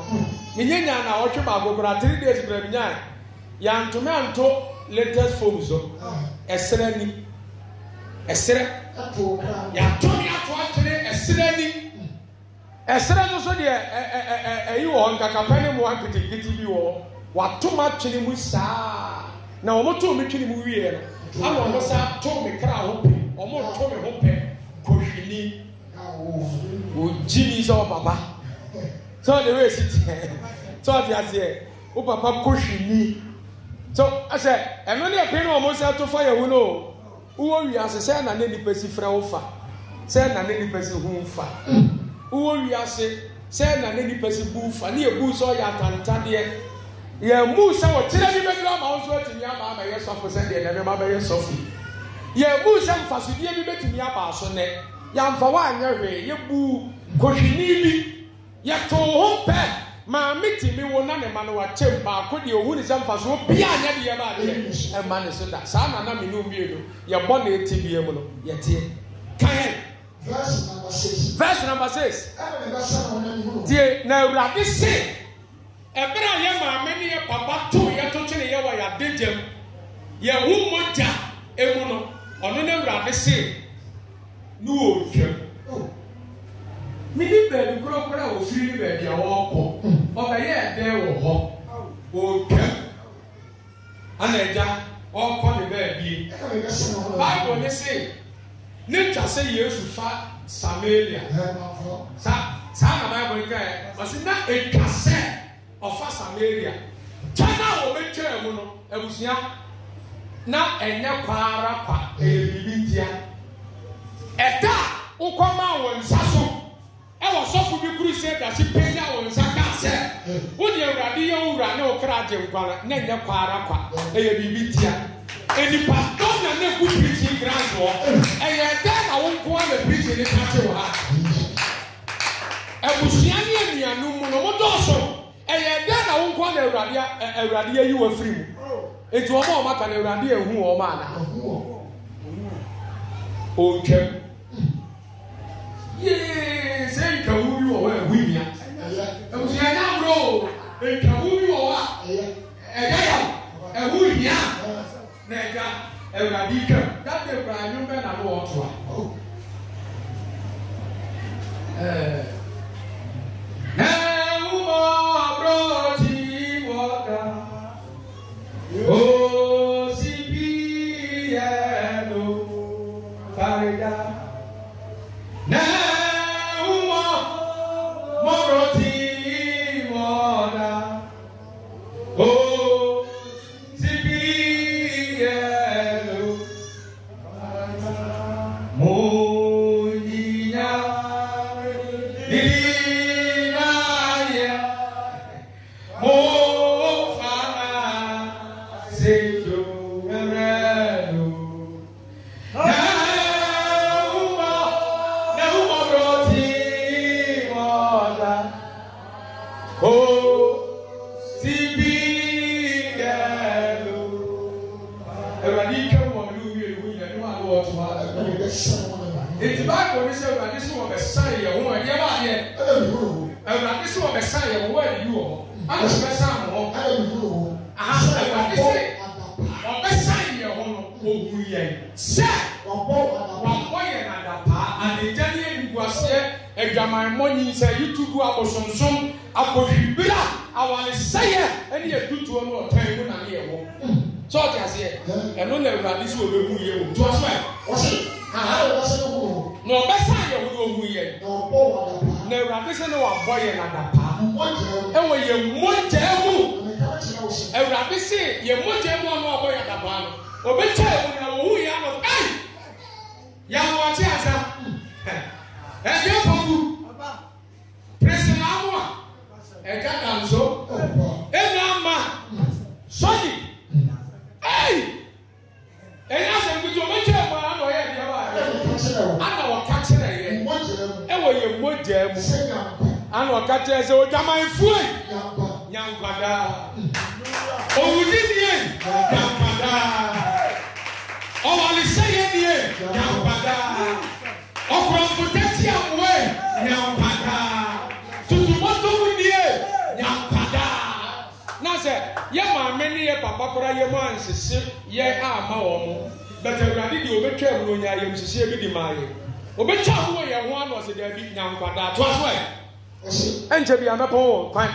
menyɛ nya na ɔtwe baako kora three days bra menyae yɛantome anto latest form so ɛserɛ hmm. ni ɛserɛ yɛatome ato akyene ɛserɛ ni ɛserɛ no so deɛ ɛyi wɔ hɔ nkakapɛ ne mmoa nketenkete bi wɔ hɔ wato ma twene mu saa na wɔn to mi twene mu wie no ama wɔn sa to mi kra ho pɛ wɔn to mi ho pɛ kohwini ogyi ni sɛ ɔbaba sɛ ɔde wei si tiɛ sɛ ɔde aseɛ wo papa kohwini so ɛsɛ ɛno ne ɛpɛ no wɔn sa to fa yɛ wo no wowɔ wiase sɛ na ne nipa si frɛ wo fa sɛ na ne nipa si ho fa wowɔ wiase sɛ na ne nipa si bu fa ne yɛ bu sɛ ɔyɛ atantadeɛ yɛn mu sɛ wɔkyerɛ bi bɛgyina ama wɔn so atumi ama ama yɛ sɔfo sɛdeɛ nɛɛma ma bɛyɛ sɔfo yɛn mu sɛ mfasodie bi bɛtumi aba so nɛ yɛnfa wɔanyɛ hwee yɛbu kohwini bi yɛto ho pɛ maame mi wo na ne ma no wakyɛ mu baako deɛ ohu ne sɛ mfasoɔ bia anyɛ deɛ ba adeɛ ɛma ne so da saa nana mi nu mmienu yɛbɔ ne ti bie mu no yɛteɛ kan verse number six verse number six tie na awurade se ɛbɛrɛ a yɛ maame ne yɛ papa to yɛ to twene yɛ wɔ yɛade gyam yɛn ho mogya emu no ɔno ne wurade se ne wɔ twam mini oh. baabi korakora a ofiri ne baabi a wɔrekɔ hmm. ɔbɛyɛ ɛdɛn wɔ hɔ oh. ɔretwam ana agya ɔrekɔ ne baabi baibul ne se ne twa sɛ yesu fa samaria saa saa na baibul ka yɛ ɔsi na etwa sɛ ɔfa samaria kyɛn a wɔbɛtwa mu no abusua na ɛnyɛ kwaara kwa ɛyɛ biribi ntia ɛda a wokɔma wɔn nsa so ɛwɔ e sɔfo bi kuru sɛ dasi pɛnya wɔn nsa ka sɛ wode awurade yɛ wura ne wo kra agye nkwara na ɛnyɛ kwaara kwa ɛyɛ biribi ntia enipa dɔm na ne gu pirikyi grand wɔ ɛyɛ ɛda na wo nko ara pirikyi ne kakye wɔ ha abusua ne anuanom mu na wɔdɔɔso ɛyɛ dɛn na wɔn kɔ na awurade awurade ayi wɔn firi mu oh. nti wɔn a wɔn aka na awurade ehu wɔn ana ɔntwam yee sɛ ntwamu bi wɔ hɔ ɛhu nia ebusua nyamuro ntwamu bi wɔ hɔ a ɛyɛ yam ɛhu nia na ɛga awurade twam dade kura anwom bɛ na no wɔto a ɛɛ.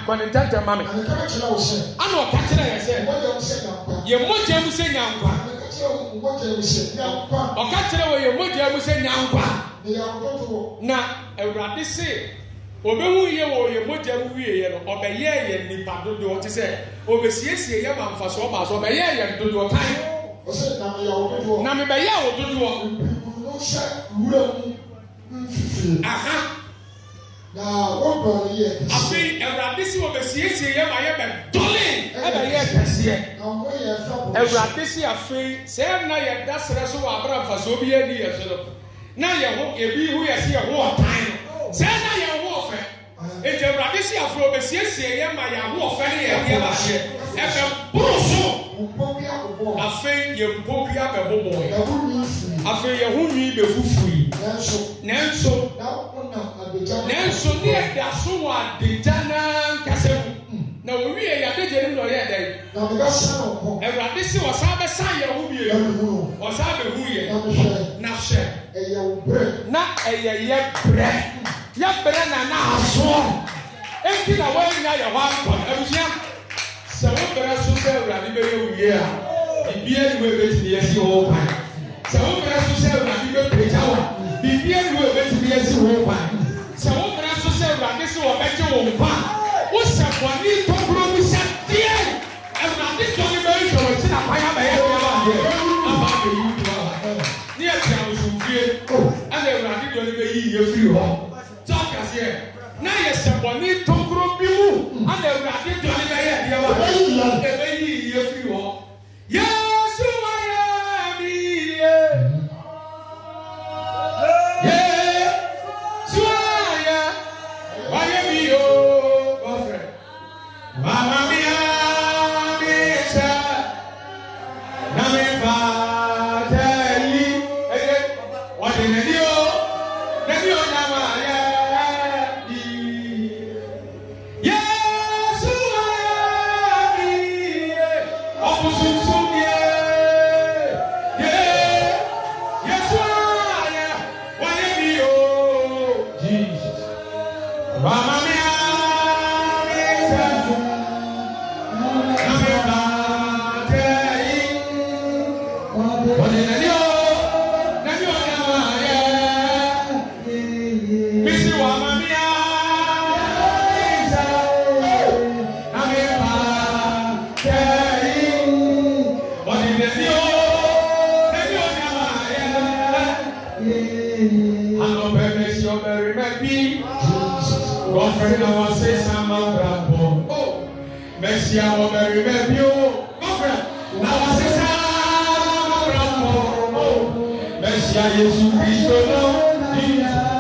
kɔnintɛntɛn ma mi. ana ɔka kyerɛ yɛ sɛ yɛ mmɔgya mu sɛ nyankwa. ɔka kyerɛ wɔ yɛ mmɔgya mu sɛ nyankwa. na awurade se obehu yie wɔ yɛ mmɔgya mu wie yɛ no ɔbɛyɛ yɛ nipa dodoɔ te sɛ obesiesie yɛ ma nfa ɔba so ɔbɛyɛ yɛ dodoɔ kan. na mebɛyɛ awo dodoɔ. aha na wɔbɔn yɛ kɛseɛ. afi awurade si ma yɛ bɛ dɔle ɛbɛ yɛ kɛseɛ. na wɔn yɛ fɛ bɔ. awurade na yɛ da srɛ so wɔ abira nfaso bi yɛ di yɛ so no na yɛ ho ebi ho yɛ si yɛ ho ɔtan no sɛ na yɛ ho ɔfɛ eti awurade si afi wɔ bɛsiesie yɛ ma yɛ ho ɔfɛ ne yɛ yɛ ma yɛ ɛbɛ buru so. afi yɛ mpɔ bi abɛ bɔbɔ yɛ afi yɛ ho nwi bɛ fufu yi nanso nanso ne ɛda so wɔ adagya naa nkasa mu na owie yadagya no na ɔyɛ dɛ awurade si ɔsan bɛsan yɛ wo bie ɔsan bɛhu yɛ na hwɛ na ɛyɛ yɛ brɛ yɛ brɛ na na asoɔ eti na wɔanya yɛ hɔ akɔ abusua sɛ wo brɛ so sɛ awurade bɛyɛ wo yie a bibi aniwa ebetumi asi wɔn kwan sɛ wo brɛ so sɛ awurade bɛpɛgya wa bibi aniwa ebetumi asi wɔn kwan sɛ wo mmara so sɛ awurade sɛ wɔbɛgye wo nkwa wosɛ bɔne tɔkoro mu sɛ deɛ awurade tɔ ne bɛhwɛ wɔ kyi na kwaya bɛyɛ biara deɛ aba abɛyi wo biara ne yɛtia nsomfie ɛna awurade deɛ ɔne bɛyi yɛ firi hɔ sɛ ɔkaseɛ na yɛsɛ bɔne tɔkoro bi mu ɛna awurade tɔ ne bɛyɛ biara ɛbɛyi Yesu Kristo náà ní ìlú.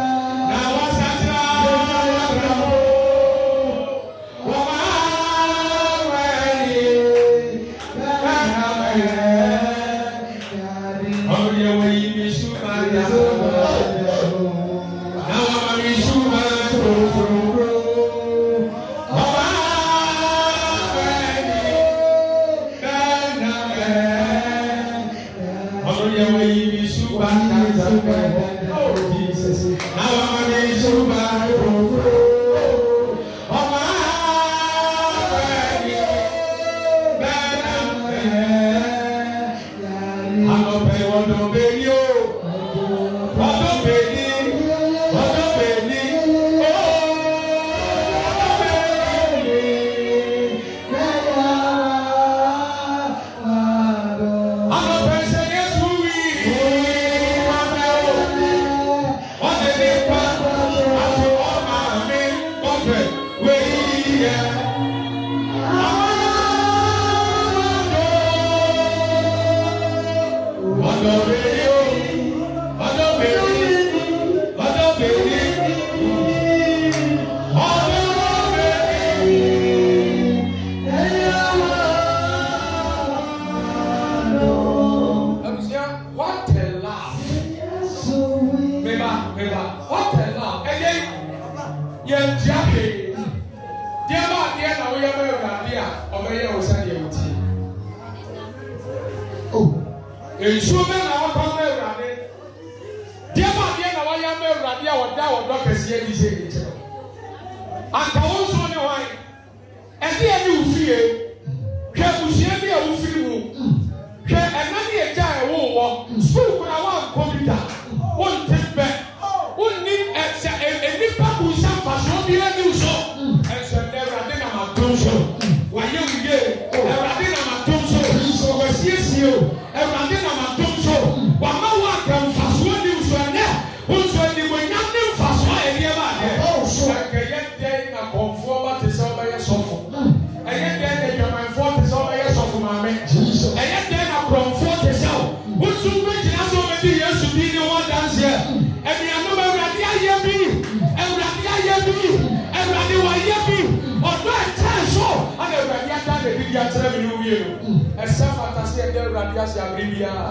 ɛsɛ fata si yɛde awurade ase abere biara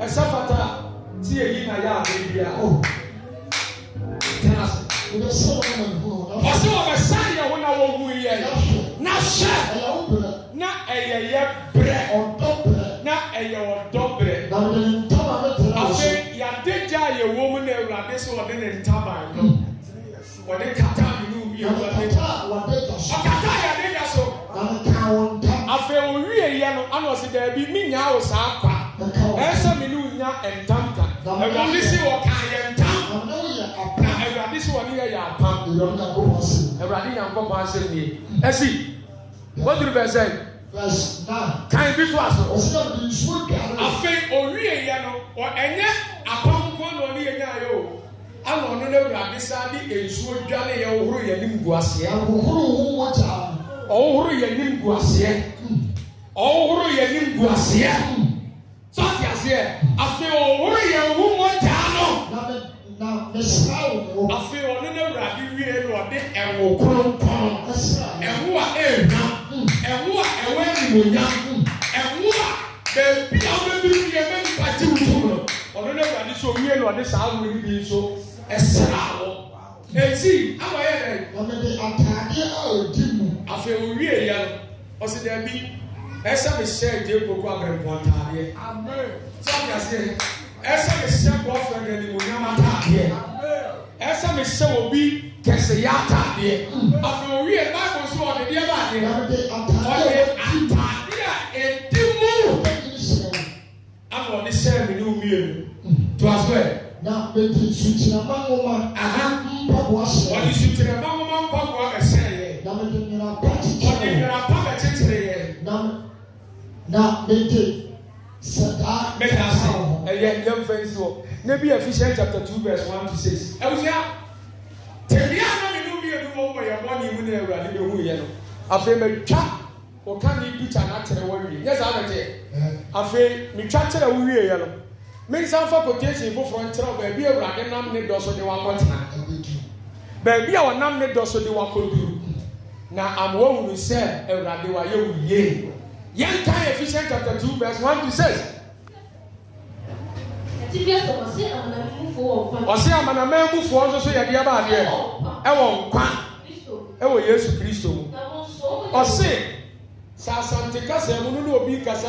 ɛsɛ fata sɛ yɛyi na yɛ abere biara tena ase ɔsɛ wɔn ɛsɛ deɛ wɔn na wɔn hu yɛ na hyɛ na ɛyɛ yɛ brɛ na ɛyɛ ɔdɔ brɛ afei yɛade gya yɛ wɔm na awurade sɛ wɔde ne ntaban no wɔde kata ne mu yɛ wɔde. afei owie yɛ no ana ɔsi dɛbi mi nya o saa kwa ɛsɛ mi ni o nya ɛntam ta ɛwurade si wɔ kaa yɛ ntam na ɛwurade si wɔ ne yɛ yɛ apam ɛwurade nya nkɔ pɔn asɛm nie ɛsi wɔduru bɛsɛ kan bi to aso afei owie yɛ no ɛnyɛ apam kɔn na ɔne yɛ nya yɛ o ana ɔno na ɛwurade saa de nsuo dwa ne yɛ ohoro yɛ ne mu gu aseɛ ɔhohoro yɛ anim gu aseɛ ɔhohoro yɛ anim gu aseɛ so ate aseɛ afei ɔhohoro yɛ owu mmɔgyaa no na mesra wo afei ɔno no awurade wie no ɔde ɛwo kronkron ɛwo a ɛɛna ɛwo a ɛwɔ animonyam ɛwo a baabi a wobɛbi wie bɛmpa gye wo tom no ɔno no awurade sɛ owie no ɔde saa wo no bi so ɛsra wo ekyi ama yɛ dɛ. ɔmɛde ataade a odi mu. afei owie ya no ɔsi dɛ mi hyɛ gye koko abɛnpɔ ataadeɛ. sɔɔni aseɛ ɛsɛ mi hyɛ bɔfra dɛ mo nyam ataadeɛ. ɛsɛ mi hyɛ obi kɛseya ataadeɛ. afei owie baako nso ɔde deɛ baade. ɔde ataadeɛ a edi mu. ama ɔde hyɛ mi ni omi yɛ mu to asɔɛ na bɛnti sutirama nwoma aha mpaboa hyɛ. wɔde sutirama nwoma mpaboa kɛse yɛ. na mɛde nyina ba kyekyere. wɔde nyina ba kɛkyere yɛ. na na mɛde sɛdaa. mɛde asa wɔ ɛyɛ yɛn fɛn si wɔ ne bi Ephesians chapter two verse one to six. ɛwusua tèmi àná mi nu mienu wɔn wɔ yɛn bɔ ne mu ne awurade bɛ hu yɛ no afei mɛ twa wɔka ne bi ta n'atɛrɛ wɔ wie yɛ saa bɛ tɛ eh. afei mɛ twa kyerɛ wo wie yɛ no. mensa mfa quotation mbụ nkyerɛw baabi bụ awurade nam ne dɔ so de wakɔtena baabi a ɔnam ne dɔ na amoa hunu sɛ awurade wayɛ wo yie yɛnka Ephesians chapter two verse one to six. ɔse amanaman nso so yɛde nkwa ɛwɔ yesu kristo mu ɔse no ne obi kasa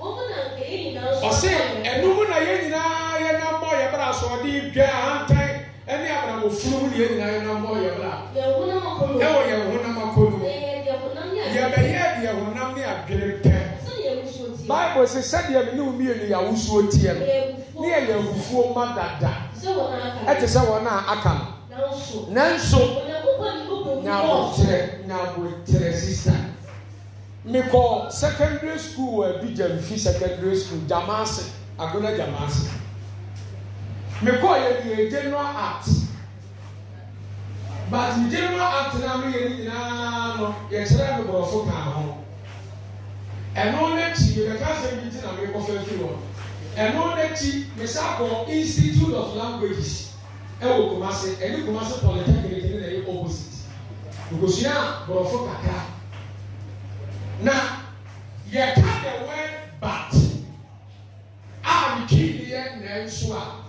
ɔse ɛnum na yɛn nyinaa yɛn nam bɔ yɛ bra asoɔden dwa ahantan ɛne abrabɔ funu na nyinaa yɛn nam bɔ yɛ bra ɛwɔ yɛn honam akɔdu yɛbɛyɛ deɛ honam ne adwene ntɛn baibu sɛ sɛdeɛ me ne wo mmienu yɛ awosuo teɛ no ne yɛyɛ abufuo ma dada ɛte sɛ wɔn a aka no nanso nyabotrɛ nyabotrɛ sista mekɔ secondary school wɔ adi gyamfi secondary school gyamaase agona gyamaase mekɔ yɛ deɛ general art but general art na mi yɛ ne nyinaa no yɛkyerɛ nkorɔfo kan ho ɛno n'akyi yɛbɛka sɛ bi ti na mekɔ fɛ fi wɔn ɛno n'akyi mesa kɔ institute of languages ɛwɔ kumase ɛne kumase polytechnic ne na yɛ opposite nkosua nkorɔfo kakra na yɛka the word but a ne twiniɛ nanso a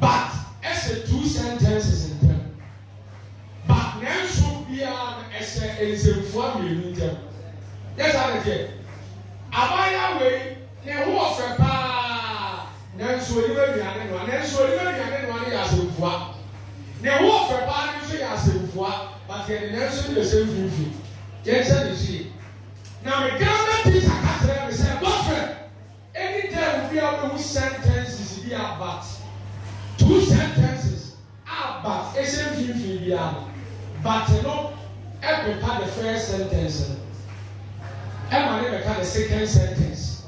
but ɛsɛ two sentences ntɛm but nanso biara no ɛsɛ nsɛmfua mmienu ntɛm yɛsa ne deɛ abaayewa wei ne ho ɔfɛ paa nanso onipa aduane noa nanso onipa aduane noa no yɛ asɛmfua ne ho ɔfɛ paa no nso yɛ asɛmfua but yɛn nanso yɛ sɛ mfimfini yɛn sɛ ne sie na me Ghana teacher ka kyerɛ me sɛ bɔfrɛ anytime bi a wobɛhu sentences bi a but two sentences a but ɛhyɛ mfimfini biara no but no ɛpepa the first sentence no ɛma ne bɛka the second sentence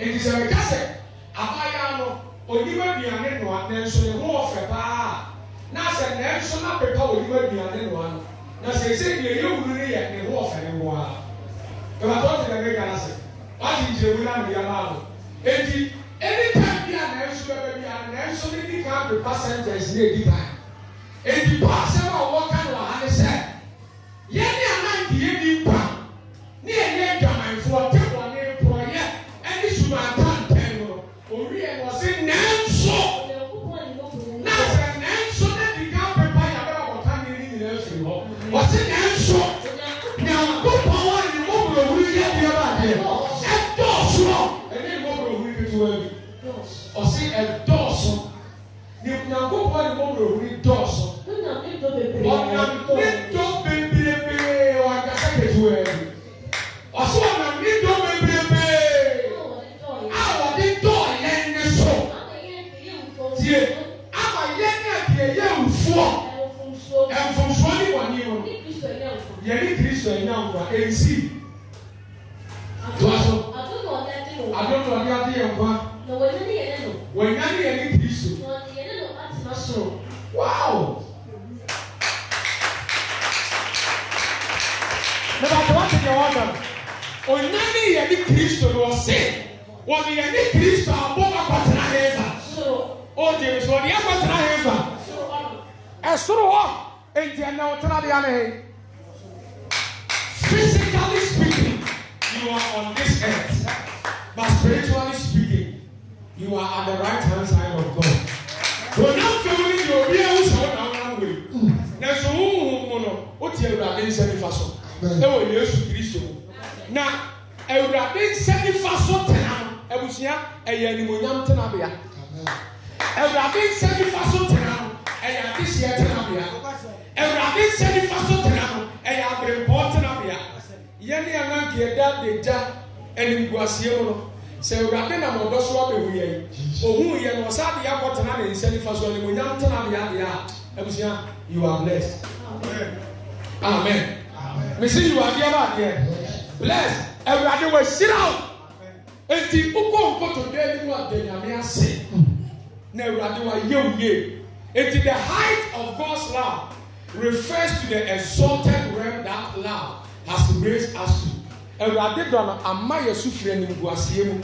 nti sɛ meka sɛ abaayaa no onipa aduane noa nanso ne ho ɔfɛ paa na sɛ nanso na pepa onipa aduane noa no na sɛ ɛsɛ deɛ yɛwuru no yɛ ne ho ɔfɛ ne ho ara ìbàtà ọ̀sẹ̀ kẹ̀kẹ́ gana sẹ̀ wáṣí ìjì ewu náà nìyà máa bọ̀ eti anytime bi a nẹ́ẹ̀sọ bẹ́ẹ̀ bi a nẹ́ẹ̀sọ ní ní ká pè pásẹ̀ntẹ̀sì ní èdìbà eti pàṣẹ wà wọ́n kánú à wɔnya ne yɛ ne tiri so wɔdeɛ ne no atena wow na bàtà wàtí yɛ wɔdà ɔnya ne yɛ ne tiri so na ɔse wɔde yɛ ne tiri so um, eh, abɔ akɔtena hɛnfa ɔde so ɔde akɔtena hɛnfa ɛsoro hɔ eti ɛna ɔtena de anahe physically speaking you are on this earth but spiritually speaking you are at the right hand side of God. Onyanfẹ́ wo ni di obi ẹ̀wùsà ọ̀nà ọ̀nà wẹ̀? Nẹ̀sọ̀ huhun mu no, ó ti Ewurade nsa nifa so. Ẹwọ Yesu Kristo. Na Ewurade nsa nifa so tena no, ebusua ẹ̀yẹ ẹnimonyam tenabea. Ewurade nsa nifa so tena no, ẹ̀yẹ adehyẹ tenabea. Ewurade nsa nifa so tena no, ẹ̀yẹ abiribọ tenabea. Yẹ́nì ànánkì ẹ̀dá dèjà ẹnìmguaseẹ mu no sɛ awurade nam ɔdɔ so abɛhu yɛn ohun yɛn no ɔsa adeɛ akɔtena ne nsa nifa so ɛnim onyam tena adeɛ adeɛ a abusua you are blessed amen mesi you are deɛ adeɛ blessed awurade wɔ ahyira o eti ukɔ nkotodwe anim a danyame ase na awurade wɔ ayɛ oye eti the height of God's love refers to the exalted realm that love has raised us to awurade dɔ no ama yɛ so firi animguaseɛ mu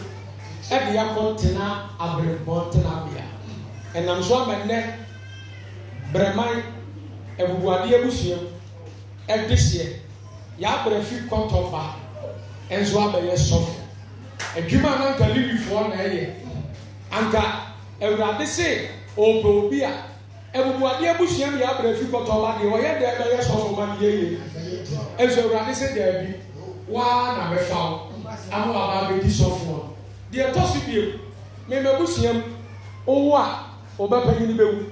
ɛde yɛkɔ ntena aberempɔn tenabea ɛnam so ama nnɛ brɛman abubuadeɛ abusua ɛde seɛ yɛabrɛ fi kɔtɔba ɛnso abɛyɛ sɔfo adwuma no anka lewifoɔ na ɛyɛ anka awurade se ɔbɛ obi a abubuadeɛ abusua mu yɛabrɛ fi kɔtɔba deɛ ɔyɛ deɛ ɛbɛyɛ sɔfo ma deɛ yɛ ɛnso awurade se deɛ waa na bɛfa wo ama waba abɛdi sɔfoɔ deɛ ɛtɔ so bie mmɛmɛ busua mu owu a ɔbɛpanyin bɛwu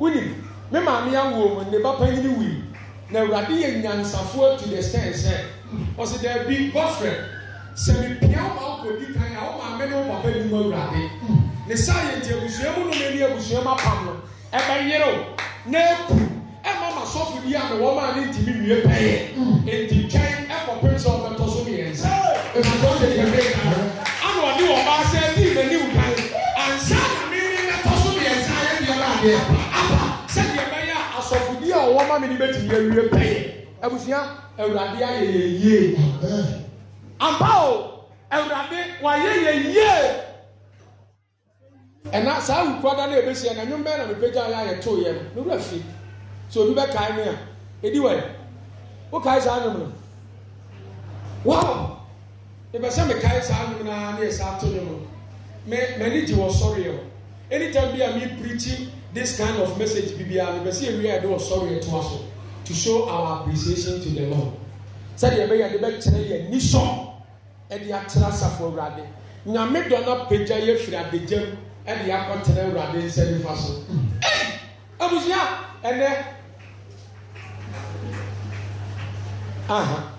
wunim me maame awo mu ne ba panyin wim na awurade yɛ nyansafoɔ to the stand sɛ ɔsi dɛbi godfrey sɛ mipia ɔma ɔkɔ di kan a ɔma mɛ ne ɔma bɛ nimu awurade ne saa yɛ nti abusua mu no ne ni abusua mu apam no ɛbɛ yerew na eku ɛma ma sɔfo bi a na wɔn a ne ntumi wie pɛyɛ nti twɛn kɔpere sɛ ɔbɛtɔ so mmiɛnsa ɛfutɔ de kɛmɛ ka ho ana ɔde ɔbaa sɛ ɛdi n'anim kan ansa na mmiri bɛtɔ so mmiɛnsa ayɛ deɛ ɔba adeɛ apa sɛdeɛ bɛyɛ asɔfodi a ɔwɔ ma mi ni bɛtumi awie pɛyɛ abusua awurade ayɛ yɛ yie ampa o awurade wayɛ yɛ yie ɛna saa awukuada no a ebesi ɛna nwom bɛyɛ na mepagya ayɛ ayɛ to yɛ no n'owura fi so obi bɛkae ne a edi wɛ wokae saa nwom no wow ebɛ sɛ mekae saa nnwom naa ne yɛ saa to nnwom mɛ m'ani gye wɔ sɔre yɛ anytime bi a mi preaching this kind of message bi biara ebɛ sɛ ewia yɛde wɔ sɔre to aso to show our appreciation to the lord sɛdeɛ ɛbɛyɛ de bɛkyerɛ yɛ nisɔ ɛde akyerɛ asafo awurade nyame dɔ na pagya yɛ firi adegyam ɛde akɔtɛrɛ awurade nsa nifa so abusua ɛnɛ aha.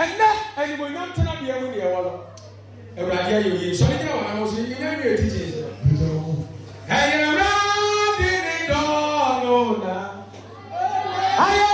ɛnɛ animonyam tena deɛ mu deɛ wɔ no ayɛ yie sɔre gyina wɔn ahosuo yi nyina bi eti kyin ɛyɛ awurade ne dɔɔ no na ayɛ.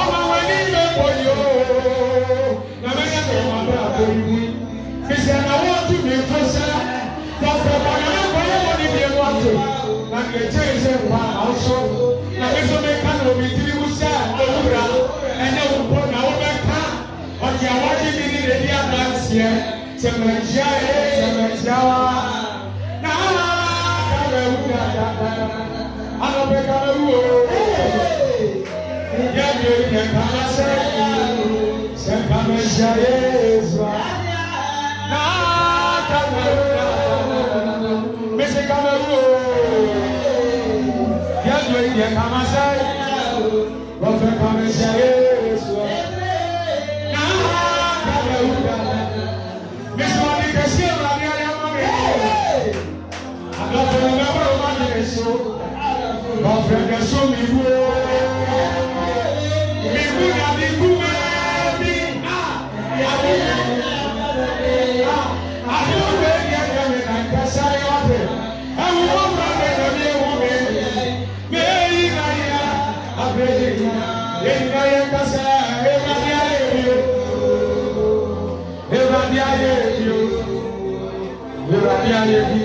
ọmọ wọn ní ilé pọ̀lì o nàmẹ́ yẹn kọ̀ ọmọ abẹ́ àbórí wí bìsẹ̀ náwó tún mi fún sẹ́ pọ̀pọ̀ pọ̀lì náà kọ́ yẹ́wọ́ ní mi ẹnu àtò nà kẹ̀ jẹ́ ìṣe pa àwọn sọ nà mi sọ mi ká nà omi tìrì wù sẹ́ òwúrà ẹ̀yẹ wù pọ̀ nà ó bẹ ká ọ̀dì àwọn ní mi ní lèdi àbáǹtìẹ tẹ̀mẹ̀tíà yẹ tẹ̀mẹ̀tíà wá náà kàwé wù dáadáa alọ́ bẹ kàwé wù o yẹ́nu kẹta sẹ́yìn sẹ́ka mẹ́sà yéésù à. N'aka mẹ́wúrò mẹ́sì ká mẹ́wúrò yẹ́nu kẹta sẹ́yìn lọ́fẹ̀ẹ́ ká mẹ́sà yéésù à. N'aka mẹ́wúrò mẹ́sì wà ní kẹsí ẹ̀rọ ní ayé ọmọ mi. Àgbàfẹ́ mẹ́wúrò má ti kẹsí o. Lọ́fẹ̀ẹ́ kẹsí omi wúwo. ي ع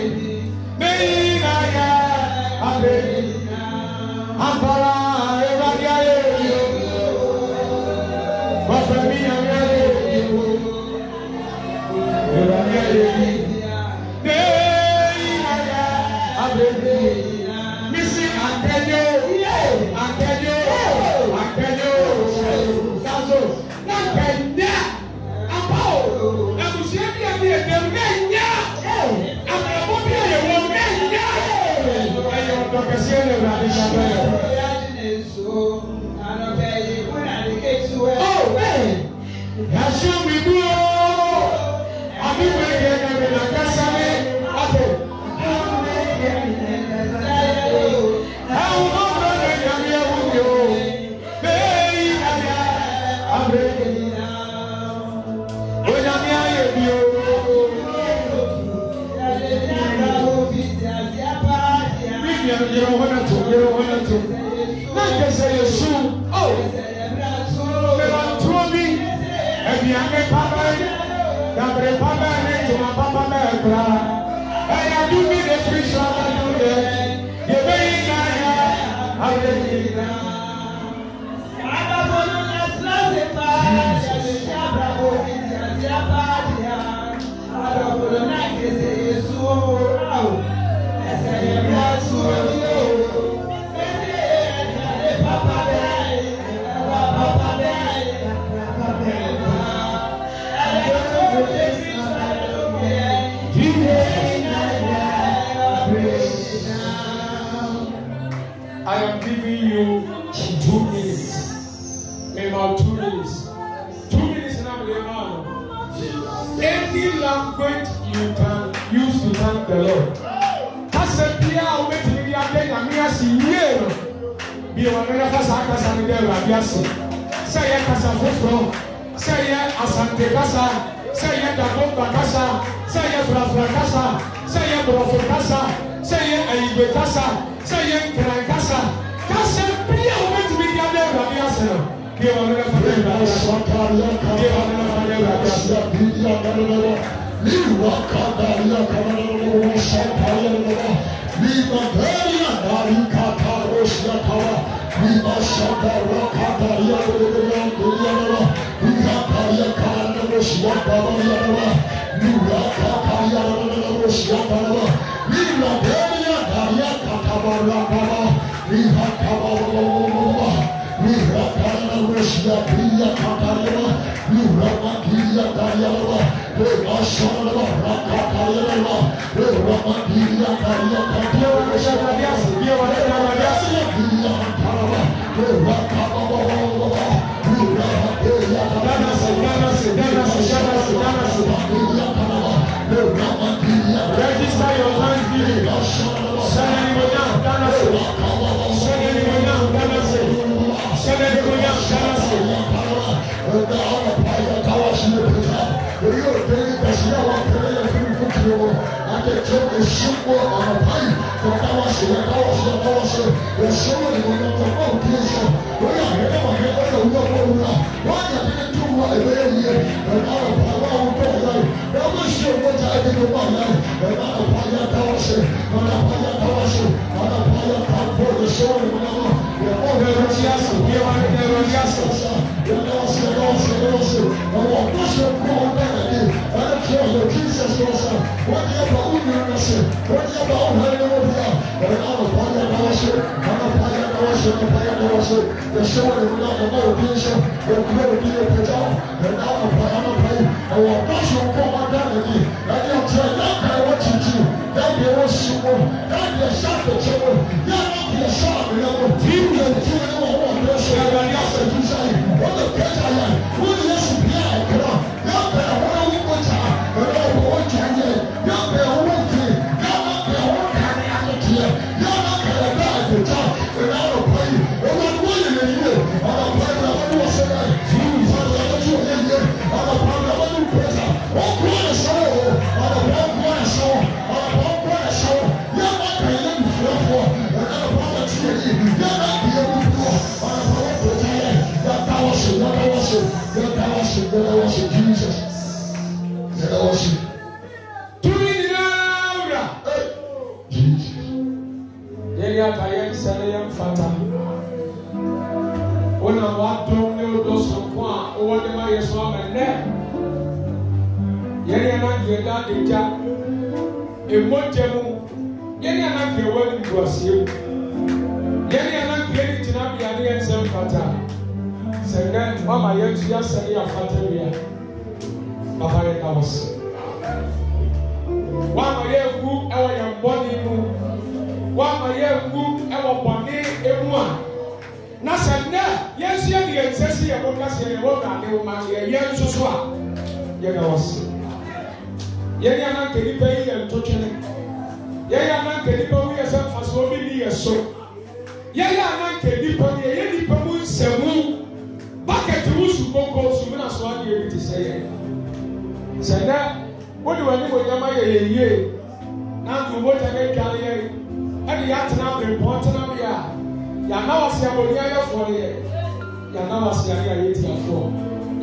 ase ayé ayé ti afoɔ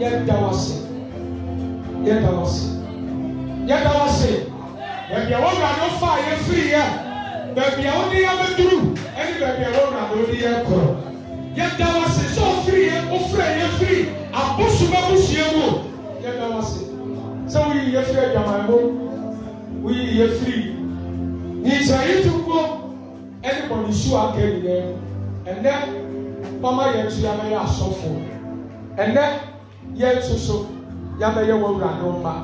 yɛda wase yɛda wase yɛda wase baabi a wɔn ade fa yɛ firi yɛ baabi a wɔde yɛ bɛduru ɛne baabi a wɔn ade wɔde yɛ korɔ yɛda wase sɛ ɔfiri yɛ ɔfiri yɛ firi abosoma busua mu yɛda wase sɛ woyi yɛ firi adwaman mu woyi yɛ firi nyinsɛn yi tu kuro ɛne bɔnisuwa kɛ nyinaa ɛnɛ mama yɛtu yabɛyɛ asɔfo ɛnɛ yɛtu so yabɛyɛ wɔwurade ɔma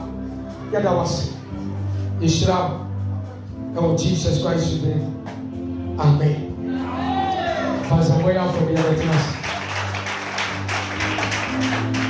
yɛda wase Israel, mo ɛwɔ jesus christ ne amen baasa mo yɛ afɔri yabɛtena se.